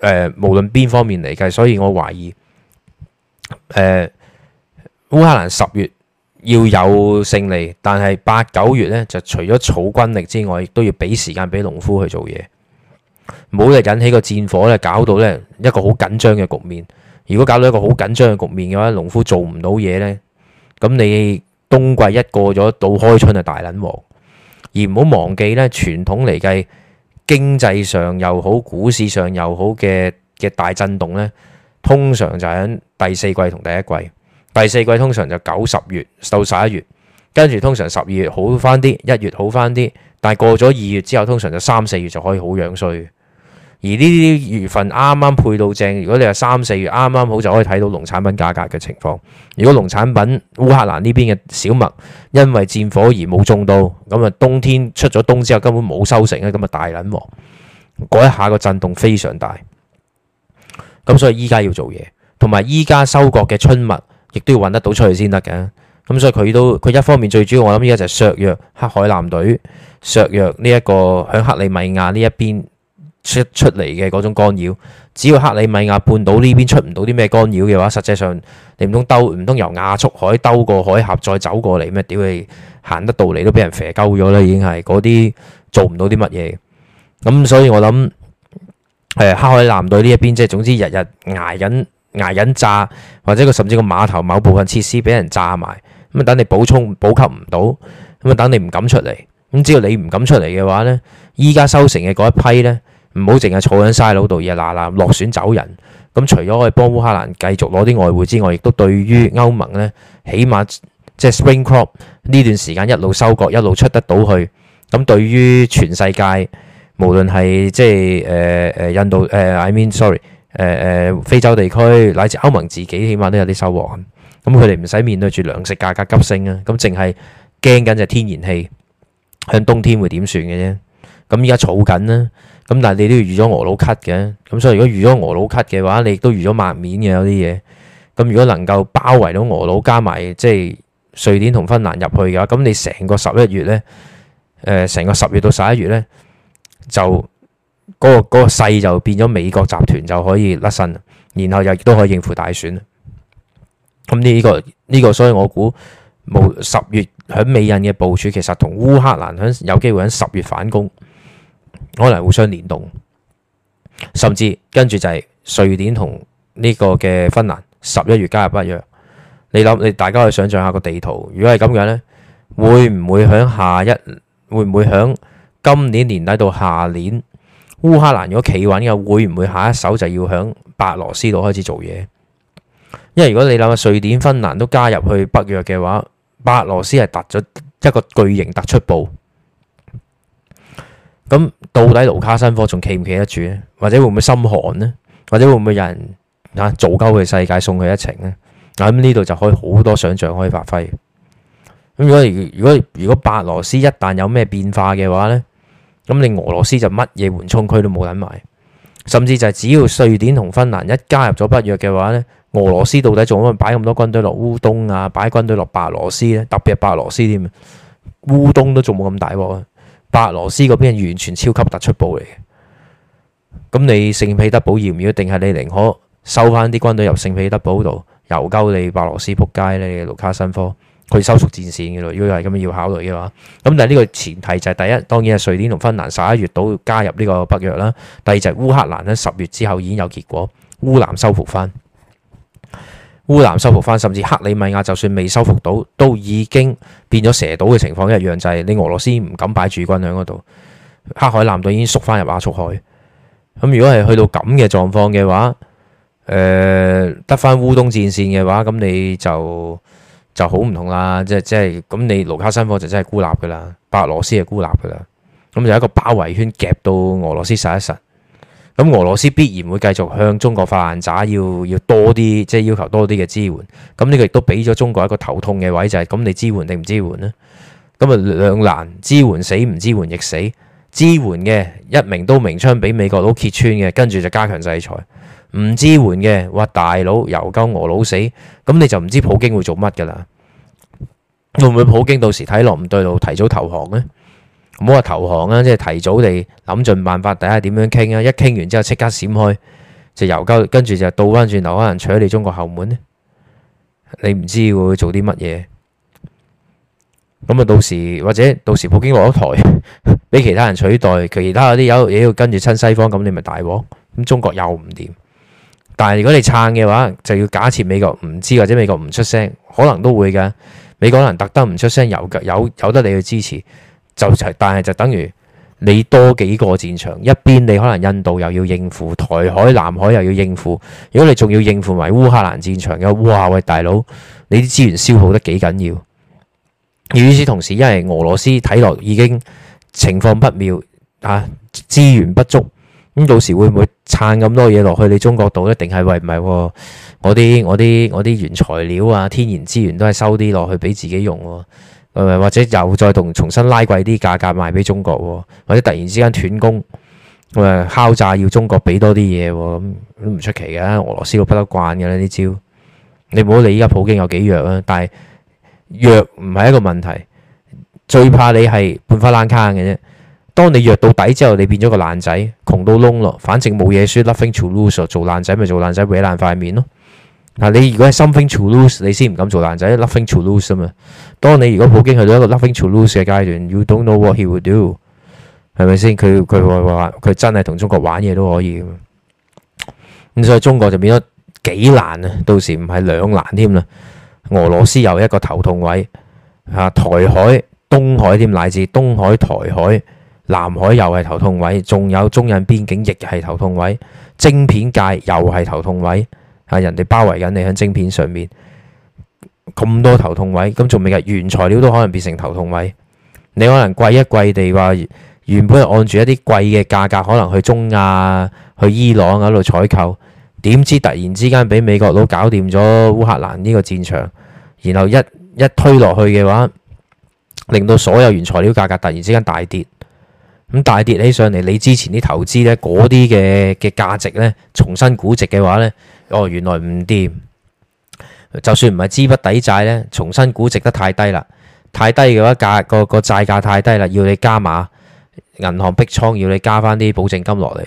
誒無論邊方面嚟計，所以我懷疑誒烏克蘭十月要有勝利，但係八九月咧就除咗儲軍力之外，亦都要俾時間俾農夫去做嘢，唔好就引起個戰火咧，搞到咧一個好緊張嘅局面。如果搞到一個好緊張嘅局面嘅話，農夫做唔到嘢咧，咁你。冬季一過咗，到開春就大撚旺，而唔好忘記咧，傳統嚟計，經濟上又好，股市上又好嘅嘅大震動呢，通常就喺第四季同第一季。第四季通常就九十月到十一月，跟住通常十二月好翻啲，一月好翻啲，但係過咗二月之後，通常就三四月就可以好樣衰。而呢啲月份啱啱配到正，如果你話三四月啱啱好，就可以睇到農產品價格嘅情況。如果農產品烏克蘭呢邊嘅小麥因為戰火而冇種到，咁啊冬天出咗冬之後根本冇收成咧，咁啊大捻喎，嗰一下個震動非常大。咁所以依家要做嘢，同埋依家收割嘅春麥亦都要揾得到出去先得嘅。咁所以佢都佢一方面最主要我諗依家就係削弱黑海艦隊，削弱呢一個響克里米亞呢一邊。出出嚟嘅嗰種干擾，只要克里米亞半島呢邊出唔到啲咩干擾嘅話，實際上你唔通兜唔通由亞速海兜過海峽再走過嚟咩？屌你行得到嚟都俾人肥鳩咗啦，已經係嗰啲做唔到啲乜嘢。咁所以我諗誒黑海艦隊呢一邊，即係總之日日挨緊挨緊炸，或者個甚至個碼頭某部分設施俾人炸埋咁啊，等你補充補給唔到咁啊，等你唔敢出嚟咁。只要你唔敢出嚟嘅話咧，依家收成嘅嗰一批咧。唔好淨係坐響沙樓度嘢嗱嗱落選走人，咁除咗可以幫烏克蘭繼續攞啲外匯之外，亦都對於歐盟咧，起碼即係 Spring Crop 呢段時間一路收割一路出得到去，咁對於全世界，無論係即係誒誒印度誒，I mean sorry 誒誒非洲地區乃至歐盟自己，起碼都有啲收穫。咁佢哋唔使面對住糧食價格急升啊，咁淨係驚緊隻天然氣向冬天會點算嘅啫。咁依家措儲緊啦，咁但係你都要預咗俄佬咳嘅，咁所以如果預咗俄佬咳嘅話，你亦都預咗擘面嘅有啲嘢。咁如果能夠包圍到俄佬加埋即係瑞典同芬蘭入去嘅話，咁你成個十一月咧，誒、呃，成個十月到十一月咧，就嗰、那個嗰、那個、勢就變咗美國集團就可以甩身，然後又都可以應付大選。咁呢個呢個，這個、所以我估冇十月響美印嘅部署，其實同烏克蘭響有機會喺十月反攻。可能互相連動，甚至跟住就係瑞典同呢個嘅芬蘭十一月加入北約。你諗你大家可以想像下個地圖。如果係咁樣呢，會唔會響下一，會唔會響今年年底到下年，烏克蘭如果企穩嘅，會唔會下一手就要響白羅斯度開始做嘢？因為如果你諗瑞典芬蘭都加入去北約嘅話，白羅斯係突咗一個巨型突出部。咁到底盧卡申科仲企唔企得住咧？或者會唔會心寒咧？或者會唔會有人啊做鳩佢世界送佢一程咧？咁呢度就可以好多想像可以發揮。咁如果如果如果白羅斯一旦有咩變化嘅話咧，咁你俄羅斯就乜嘢緩衝區都冇得買，甚至就係只要瑞典同芬蘭一加入咗北約嘅話咧，俄羅斯到底做乜擺咁多軍隊落烏冬啊？擺軍隊落白羅斯咧，特別係白羅斯添，烏冬都仲冇咁大鑊。白羅斯嗰邊係完全超級突出部嚟嘅，咁你聖彼得堡要唔要？定係你寧可收翻啲軍隊入聖彼得堡度，由鳩你白羅斯仆街咧？你盧卡申科佢收縮戰線嘅咯，如果係咁要考慮嘅話，咁但係呢個前提就係、是、第一，當然係瑞典同芬蘭十一月到加入呢個北約啦；第二就係烏克蘭咧十月之後已經有結果，烏南收復翻。烏南收復翻，甚至克里米亞就算未收復到，都已經變咗蛇島嘅情況一樣，就係你俄羅斯唔敢擺駐軍喺嗰度。黑海艦隊已經縮翻入亞速海。咁如果係去到咁嘅狀況嘅話，誒得翻烏東戰線嘅話，咁你就就好唔同啦。即係即係咁，你盧卡申科就真係孤立㗎啦，白俄羅斯係孤立㗎啦。咁就一個包圍圈夾到俄羅斯一曬。咁俄羅斯必然會繼續向中國發爛渣，要要多啲，即係要求多啲嘅支援。咁呢個亦都俾咗中國一個頭痛嘅位，就係咁，你支援定唔支援呢？咁啊兩難，支援死，唔支援亦死，支援嘅一明刀明槍俾美國佬揭穿嘅，跟住就加強制裁；唔支援嘅話，大佬由鳩俄佬死，咁你就唔知普京會做乜噶啦？會唔會普京到時睇落唔對路，提早投降呢？」唔好話投降啊！即係提早地諗盡辦法，睇下點樣傾啊！一傾完之後即刻閃開，就由溝跟住就倒翻轉頭，可能取你中國後門呢。你唔知會做啲乜嘢？咁啊，到時或者到時普京落咗台，俾 其他人取代，其他嗰啲有嘢要跟住親西方，咁你咪大鑊。咁中國又唔掂。但係如果你撐嘅話，就要假設美國唔知或者美國唔出聲，可能都會嘅。美國可能特登唔出聲，有有有，有得你去支持。就但係就等於你多幾個戰場，一邊你可能印度又要應付，台海、南海又要應付，如果你仲要應付埋烏克蘭戰場嘅話，哇喂，大佬，你啲資源消耗得幾緊要？與此同時，因為俄羅斯睇落已經情況不妙啊，資源不足，咁到時會唔會撐咁多嘢落去你中國度呢？定係喂，唔係？我啲我啲我啲原材料啊，天然資源都係收啲落去俾自己用喎。或者又再同重新拉貴啲價格賣俾中國，或者突然之間斷供，敲詐要中國俾多啲嘢，咁都唔出奇嘅。俄羅斯都不得慣嘅啦，呢招你唔好理依家普京有幾弱啊，但係弱唔係一個問題，最怕你係半翻爛卡嘅啫。當你弱到底之後，你變咗個爛仔，窮到窿咯，反正冇嘢輸，nothing to lose，做爛仔咪做爛仔，毀爛塊面咯。嗱，你如果係 something to lose，你先唔敢做爛仔；nothing to lose 啊嘛。 當你如果普京去到一個 nothing to lose 嘅階段，you don't know what he would do，係咪先？佢佢會話佢真係同中國玩嘢都可以。咁所以中國就變咗幾難啊！到時唔係兩難添啦，俄羅斯又一個頭痛位啊，台海、東海添，乃至東海、台海、南海又係頭痛位，仲有中印邊境亦係頭痛位，晶片界又係頭痛位。啊！人哋包圍緊你喺晶片上面咁多頭痛位，咁仲未噶？原材料都可能變成頭痛位。你可能貴一貴地話，原本係按住一啲貴嘅價格，可能去中亞、去伊朗嗰度採購，點知突然之間俾美國佬搞掂咗烏克蘭呢個戰場，然後一一推落去嘅話，令到所有原材料價格突然之間大跌。咁大跌起上嚟，你之前啲投資呢，嗰啲嘅嘅價值呢，重新估值嘅話呢。哦，原來唔掂，就算唔係資不抵債呢，重新估值得太低啦，太低嘅話價個個債價太低啦，要你加碼，銀行逼倉，要你加翻啲保證金落嚟，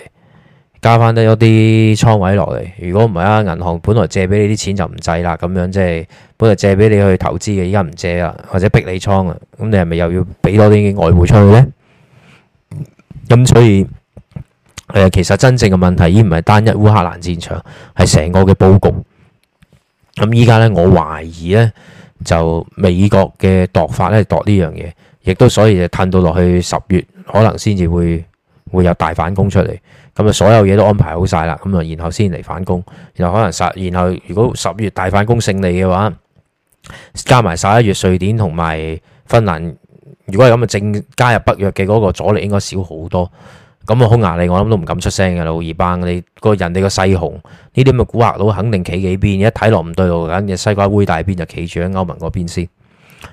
加翻多啲倉位落嚟。如果唔係啊，銀行本來借俾你啲錢就唔制啦，咁樣即係本來借俾你去投資嘅，依家唔借啦，或者逼你倉啊，咁你係咪又要俾多啲外匯出去呢？咁所以。誒，其實真正嘅問題已經唔係單一烏克蘭戰場，係成個嘅佈局。咁依家咧，我懷疑咧，就美國嘅度法咧度呢樣嘢，亦都所以就褪到落去十月，可能先至會會有大反攻出嚟。咁啊，所有嘢都安排好晒啦，咁啊，然後先嚟反攻，然後可能十，然後如果十月大反攻勝利嘅話，加埋十一月瑞典同埋芬蘭，如果係咁啊，正加入北約嘅嗰個阻力應該少好多。咁啊，匈牙利，我諗都唔敢出聲噶啦。老二班你個人哋個勢雄呢啲咁嘅古惑佬，肯定企幾邊？一睇落唔對路，梗係西瓜灰大邊就企住喺歐盟嗰邊先。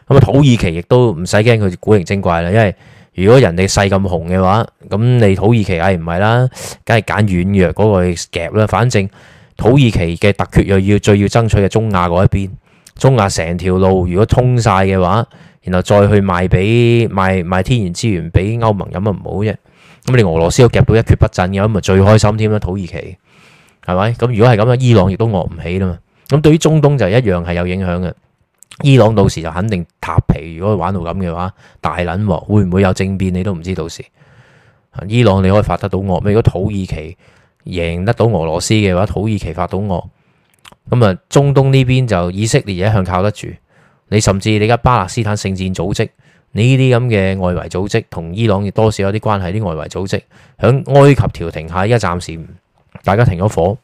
咁啊，土耳其亦都唔使驚佢古靈精怪啦。因為如果人哋勢咁雄嘅話，咁你土耳其唉，唔係啦，梗係揀軟弱嗰個夾啦。反正土耳其嘅特缺又要最要爭取嘅中亞嗰一邊，中亞成條路如果通晒嘅話，然後再去賣俾賣賣天然資源俾歐盟，咁啊唔好啫。咁你俄羅斯都夾到一蹶不振嘅，咁咪最開心添啦！土耳其係咪？咁如果係咁咧，伊朗亦都惡唔起啦嘛。咁對於中東就一樣係有影響嘅。伊朗到時就肯定塌皮。如果玩到咁嘅話，大捻喎，會唔會有政變？你都唔知到時。伊朗你可以發得到惡，如果土耳其贏得到俄羅斯嘅話，土耳其發到惡。咁啊，中東呢邊就以色列一向靠得住。你甚至你家巴勒斯坦聖戰組織。呢啲咁嘅外圍組織同伊朗亦多少有啲關係，啲外圍組織響埃及調停下，依家暫時大家停咗火，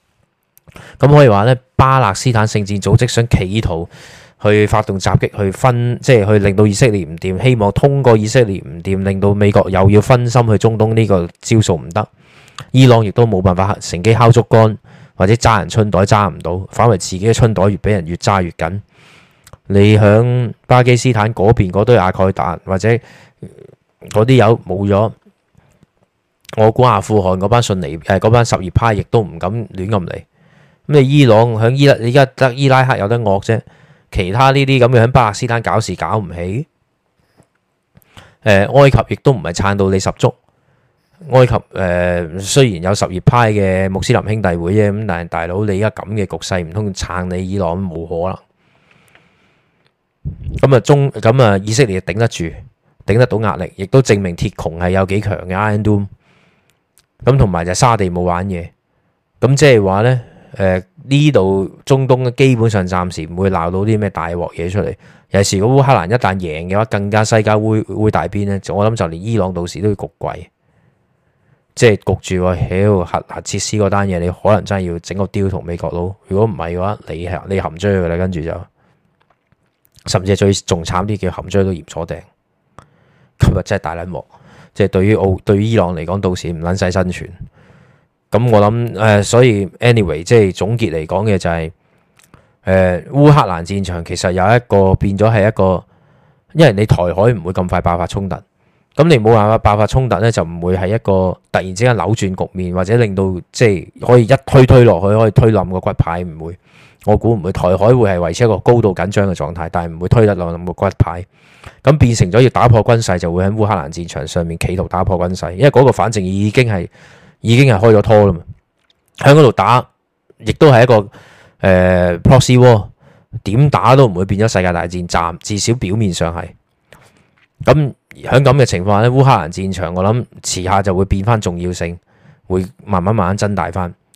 咁可以話呢，巴勒斯坦聖戰組織想企圖去發動襲擊，去分即係去令到以色列唔掂，希望通過以色列唔掂，令到美國又要分心去中東呢個招數唔得，伊朗亦都冇辦法乘機敲竹槓，或者揸人春袋揸唔到，反為自己嘅春袋越俾人越揸越緊。你喺巴基斯坦嗰邊嗰堆阿蓋達或者嗰啲有冇咗？我估阿富汗嗰班遜尼誒嗰班什葉派，亦都唔敢亂咁嚟。咁你伊朗響伊拉，依家得伊拉克有得惡啫。其他呢啲咁樣響巴基斯坦搞事搞唔起。誒、呃，埃及亦都唔係撐到你十足。埃及誒、呃，雖然有什葉派嘅穆斯林兄弟會啫，咁但係大佬你而家咁嘅局勢，唔通撐你伊朗？冇可能。咁啊中咁啊以色列頂得住，頂得到壓力，亦都證明鐵穹係有幾強嘅。Iron Dome 咁同埋就沙地冇玩嘢，咁即係話呢，誒呢度中東基本上暫時唔會鬧到啲咩大鑊嘢出嚟。有時如果烏克蘭一旦贏嘅話，更加世界會會大變呢，我諗就連伊朗到時都要焗鬼，即係焗住我，屌核核設施嗰單嘢，你可能真係要整個雕同美國佬。如果唔係嘅話，你係你含追佢啦，跟住就。甚至最仲慘啲叫含著都葉坐定，今日真係大撚鑊。即係對於澳、對於伊朗嚟講，到時唔撚曬生存。咁我諗誒、呃，所以 anyway，即係總結嚟講嘅就係誒烏克蘭戰場其實有一個變咗係一個，因為你台海唔會咁快爆發衝突，咁你冇辦法爆發衝突咧，就唔會係一個突然之間扭轉局面，或者令到即係可以一推推落去，可以推冧個骨牌，唔會。我估唔會台海會係維持一個高度緊張嘅狀態，但係唔會推得落咁嘅骨牌，咁變成咗要打破軍勢，就會喺烏克蘭戰場上面企圖打破軍勢，因為嗰個反正已經係已經係開咗拖啦嘛，喺嗰度打，亦都係一個誒、呃、proxy war，點打都唔會變咗世界大戰，暫，至少表面上係。咁喺咁嘅情況下咧，烏克蘭戰場我諗遲下就會變翻重要性，會慢慢慢慢增大翻。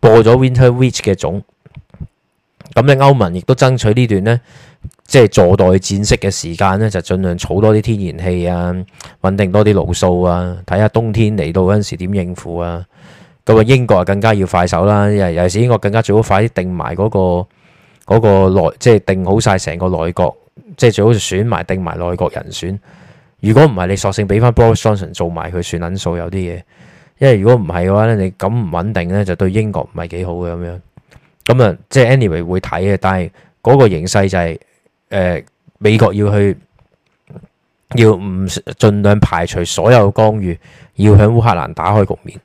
播咗 Winter Wheat 嘅種，咁咧歐盟亦都爭取呢段呢，即係坐待戰息嘅時間呢，就盡量儲多啲天然氣啊，穩定多啲勞數啊，睇下冬天嚟到嗰陣時點應付啊。咁啊英國啊更加要快手啦，尤其是英國更加最好快啲定埋嗰、嗰個嗰、嗰個內即係定好晒成個內閣，即係最好就選埋定埋內閣人選。如果唔係你索性俾翻 Boris Johnson 做埋佢算撚數，有啲嘢。因為如果唔係嘅話咧，你咁唔穩定咧，就對英國唔係幾好嘅咁樣。咁啊，即係 anyway 會睇嘅，但係嗰個形勢就係、是、誒、呃，美國要去要唔盡量排除所有干預，要喺烏克蘭打開局面。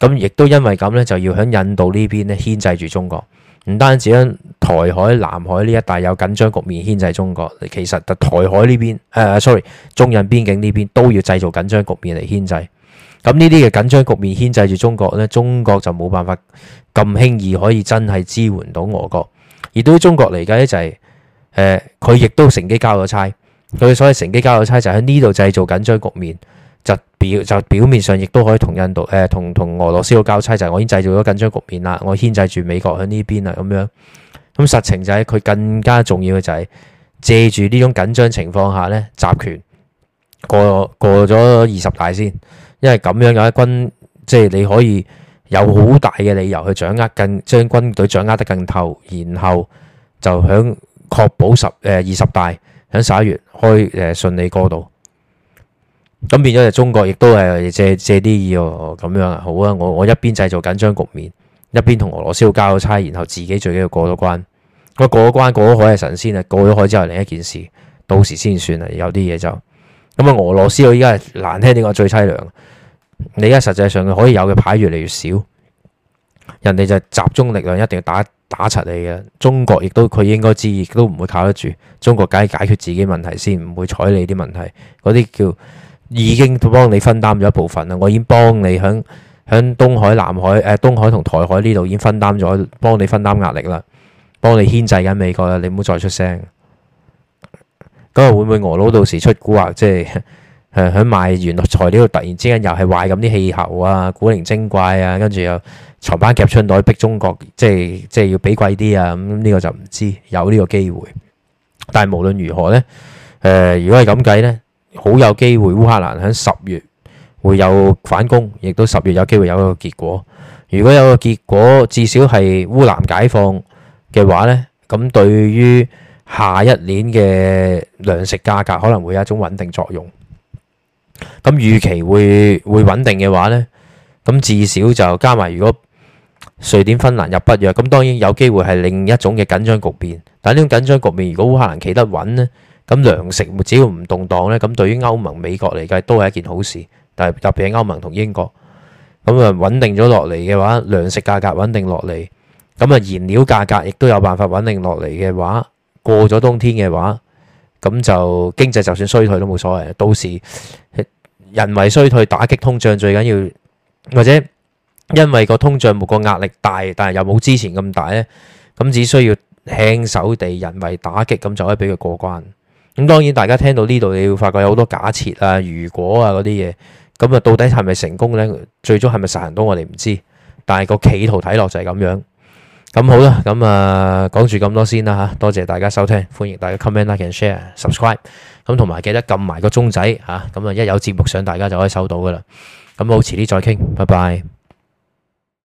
咁亦都因為咁咧，就要喺印度邊呢邊咧牽制住中國。唔單止喺台海、南海呢一帶有緊張局面牽制中國，其實台海呢邊誒，sorry，中印邊境呢邊都要製造緊張局面嚟牽制。咁呢啲嘅緊張局面牽制住中國呢，中國就冇辦法咁輕易可以真係支援到俄國。而對於中國嚟講呢，就係佢亦都乘機交咗差，佢所謂乘機交咗差就喺呢度製造緊張局面，就表就表面上亦都可以同印度誒、呃、同同俄羅斯個交差，就係我已經製造咗緊張局面啦。我牽制住美國喺呢邊啊，咁樣咁實情就係佢更加重要嘅就係借住呢種緊張情況下呢，集權過過咗二十大先。因為咁樣嘅軍，即係你可以有好大嘅理由去掌握更將軍隊掌握得更透，然後就響確保十誒二十大響十一月開誒、呃、順利過渡，咁變咗中國亦都係借借啲意哦咁樣啊，好啊，我我一邊製造緊張局面，一邊同俄羅斯交咗差，然後自己最緊要過咗關，我過咗關過咗海係神仙啊，過咗海之後另一件事到時先算啊，有啲嘢就咁啊，俄羅斯我依家難聽點講最淒涼。你而家實際上嘅可以有嘅牌越嚟越少，人哋就集中力量一定要打打柒你嘅。中國亦都佢應該知，亦都唔會靠得住。中國梗係解決自己問題先，唔會睬你啲問題。嗰啲叫已經幫你分擔咗一部分啦。我已經幫你響響東海、南海、誒、啊、東海同台海呢度已經分擔咗，幫你分擔壓力啦，幫你牽制緊美國啦。你唔好再出聲。咁會唔會俄佬到時出蠱惑，即係？喺喺賣原材料度，突然之間又係壞咁啲氣候啊，古靈精怪啊，跟住又床班夾春袋逼中國，即係即係要畀貴啲啊。咁呢個就唔知有呢個機會，但係無論如何咧，誒，如果係咁計咧，好有機會烏克蘭喺十月會有反攻，亦都十月有機會有一個結果。如果有一個結果，至少係烏南解放嘅話咧，咁對於下一年嘅糧食價格可能會有一種穩定作用。咁預期會會穩定嘅話呢，咁至少就加埋如果瑞典、芬蘭入北約，咁當然有機會係另一種嘅緊張局面。但係呢種緊張局面，如果烏克蘭企得穩呢，咁糧食只要唔動盪呢，咁對於歐盟、美國嚟計都係一件好事。但係特別係歐盟同英國，咁啊穩定咗落嚟嘅話，糧食價格穩定落嚟，咁啊燃料價格亦都有辦法穩定落嚟嘅話，過咗冬天嘅話，咁就經濟就算衰退都冇所謂。到時。人為衰退打擊通脹最緊要，或者因為個通脹冇個壓力大，但係又冇之前咁大咧，咁只需要輕手地人為打擊，咁就可以俾佢過關。咁當然大家聽到呢度，你要發覺有好多假設啊、如果啊嗰啲嘢，咁啊到底係咪成功咧？最終係咪實行到我哋唔知，但係個企圖睇落就係咁樣。咁好啦，咁啊講住咁多先啦吓，多謝大家收聽，歡迎大家 comment、like and share、subscribe。咁同埋記得撳埋個鐘仔嚇，咁啊一有節目上，大家就可以收到㗎喇。咁 好，遲啲再傾，拜拜。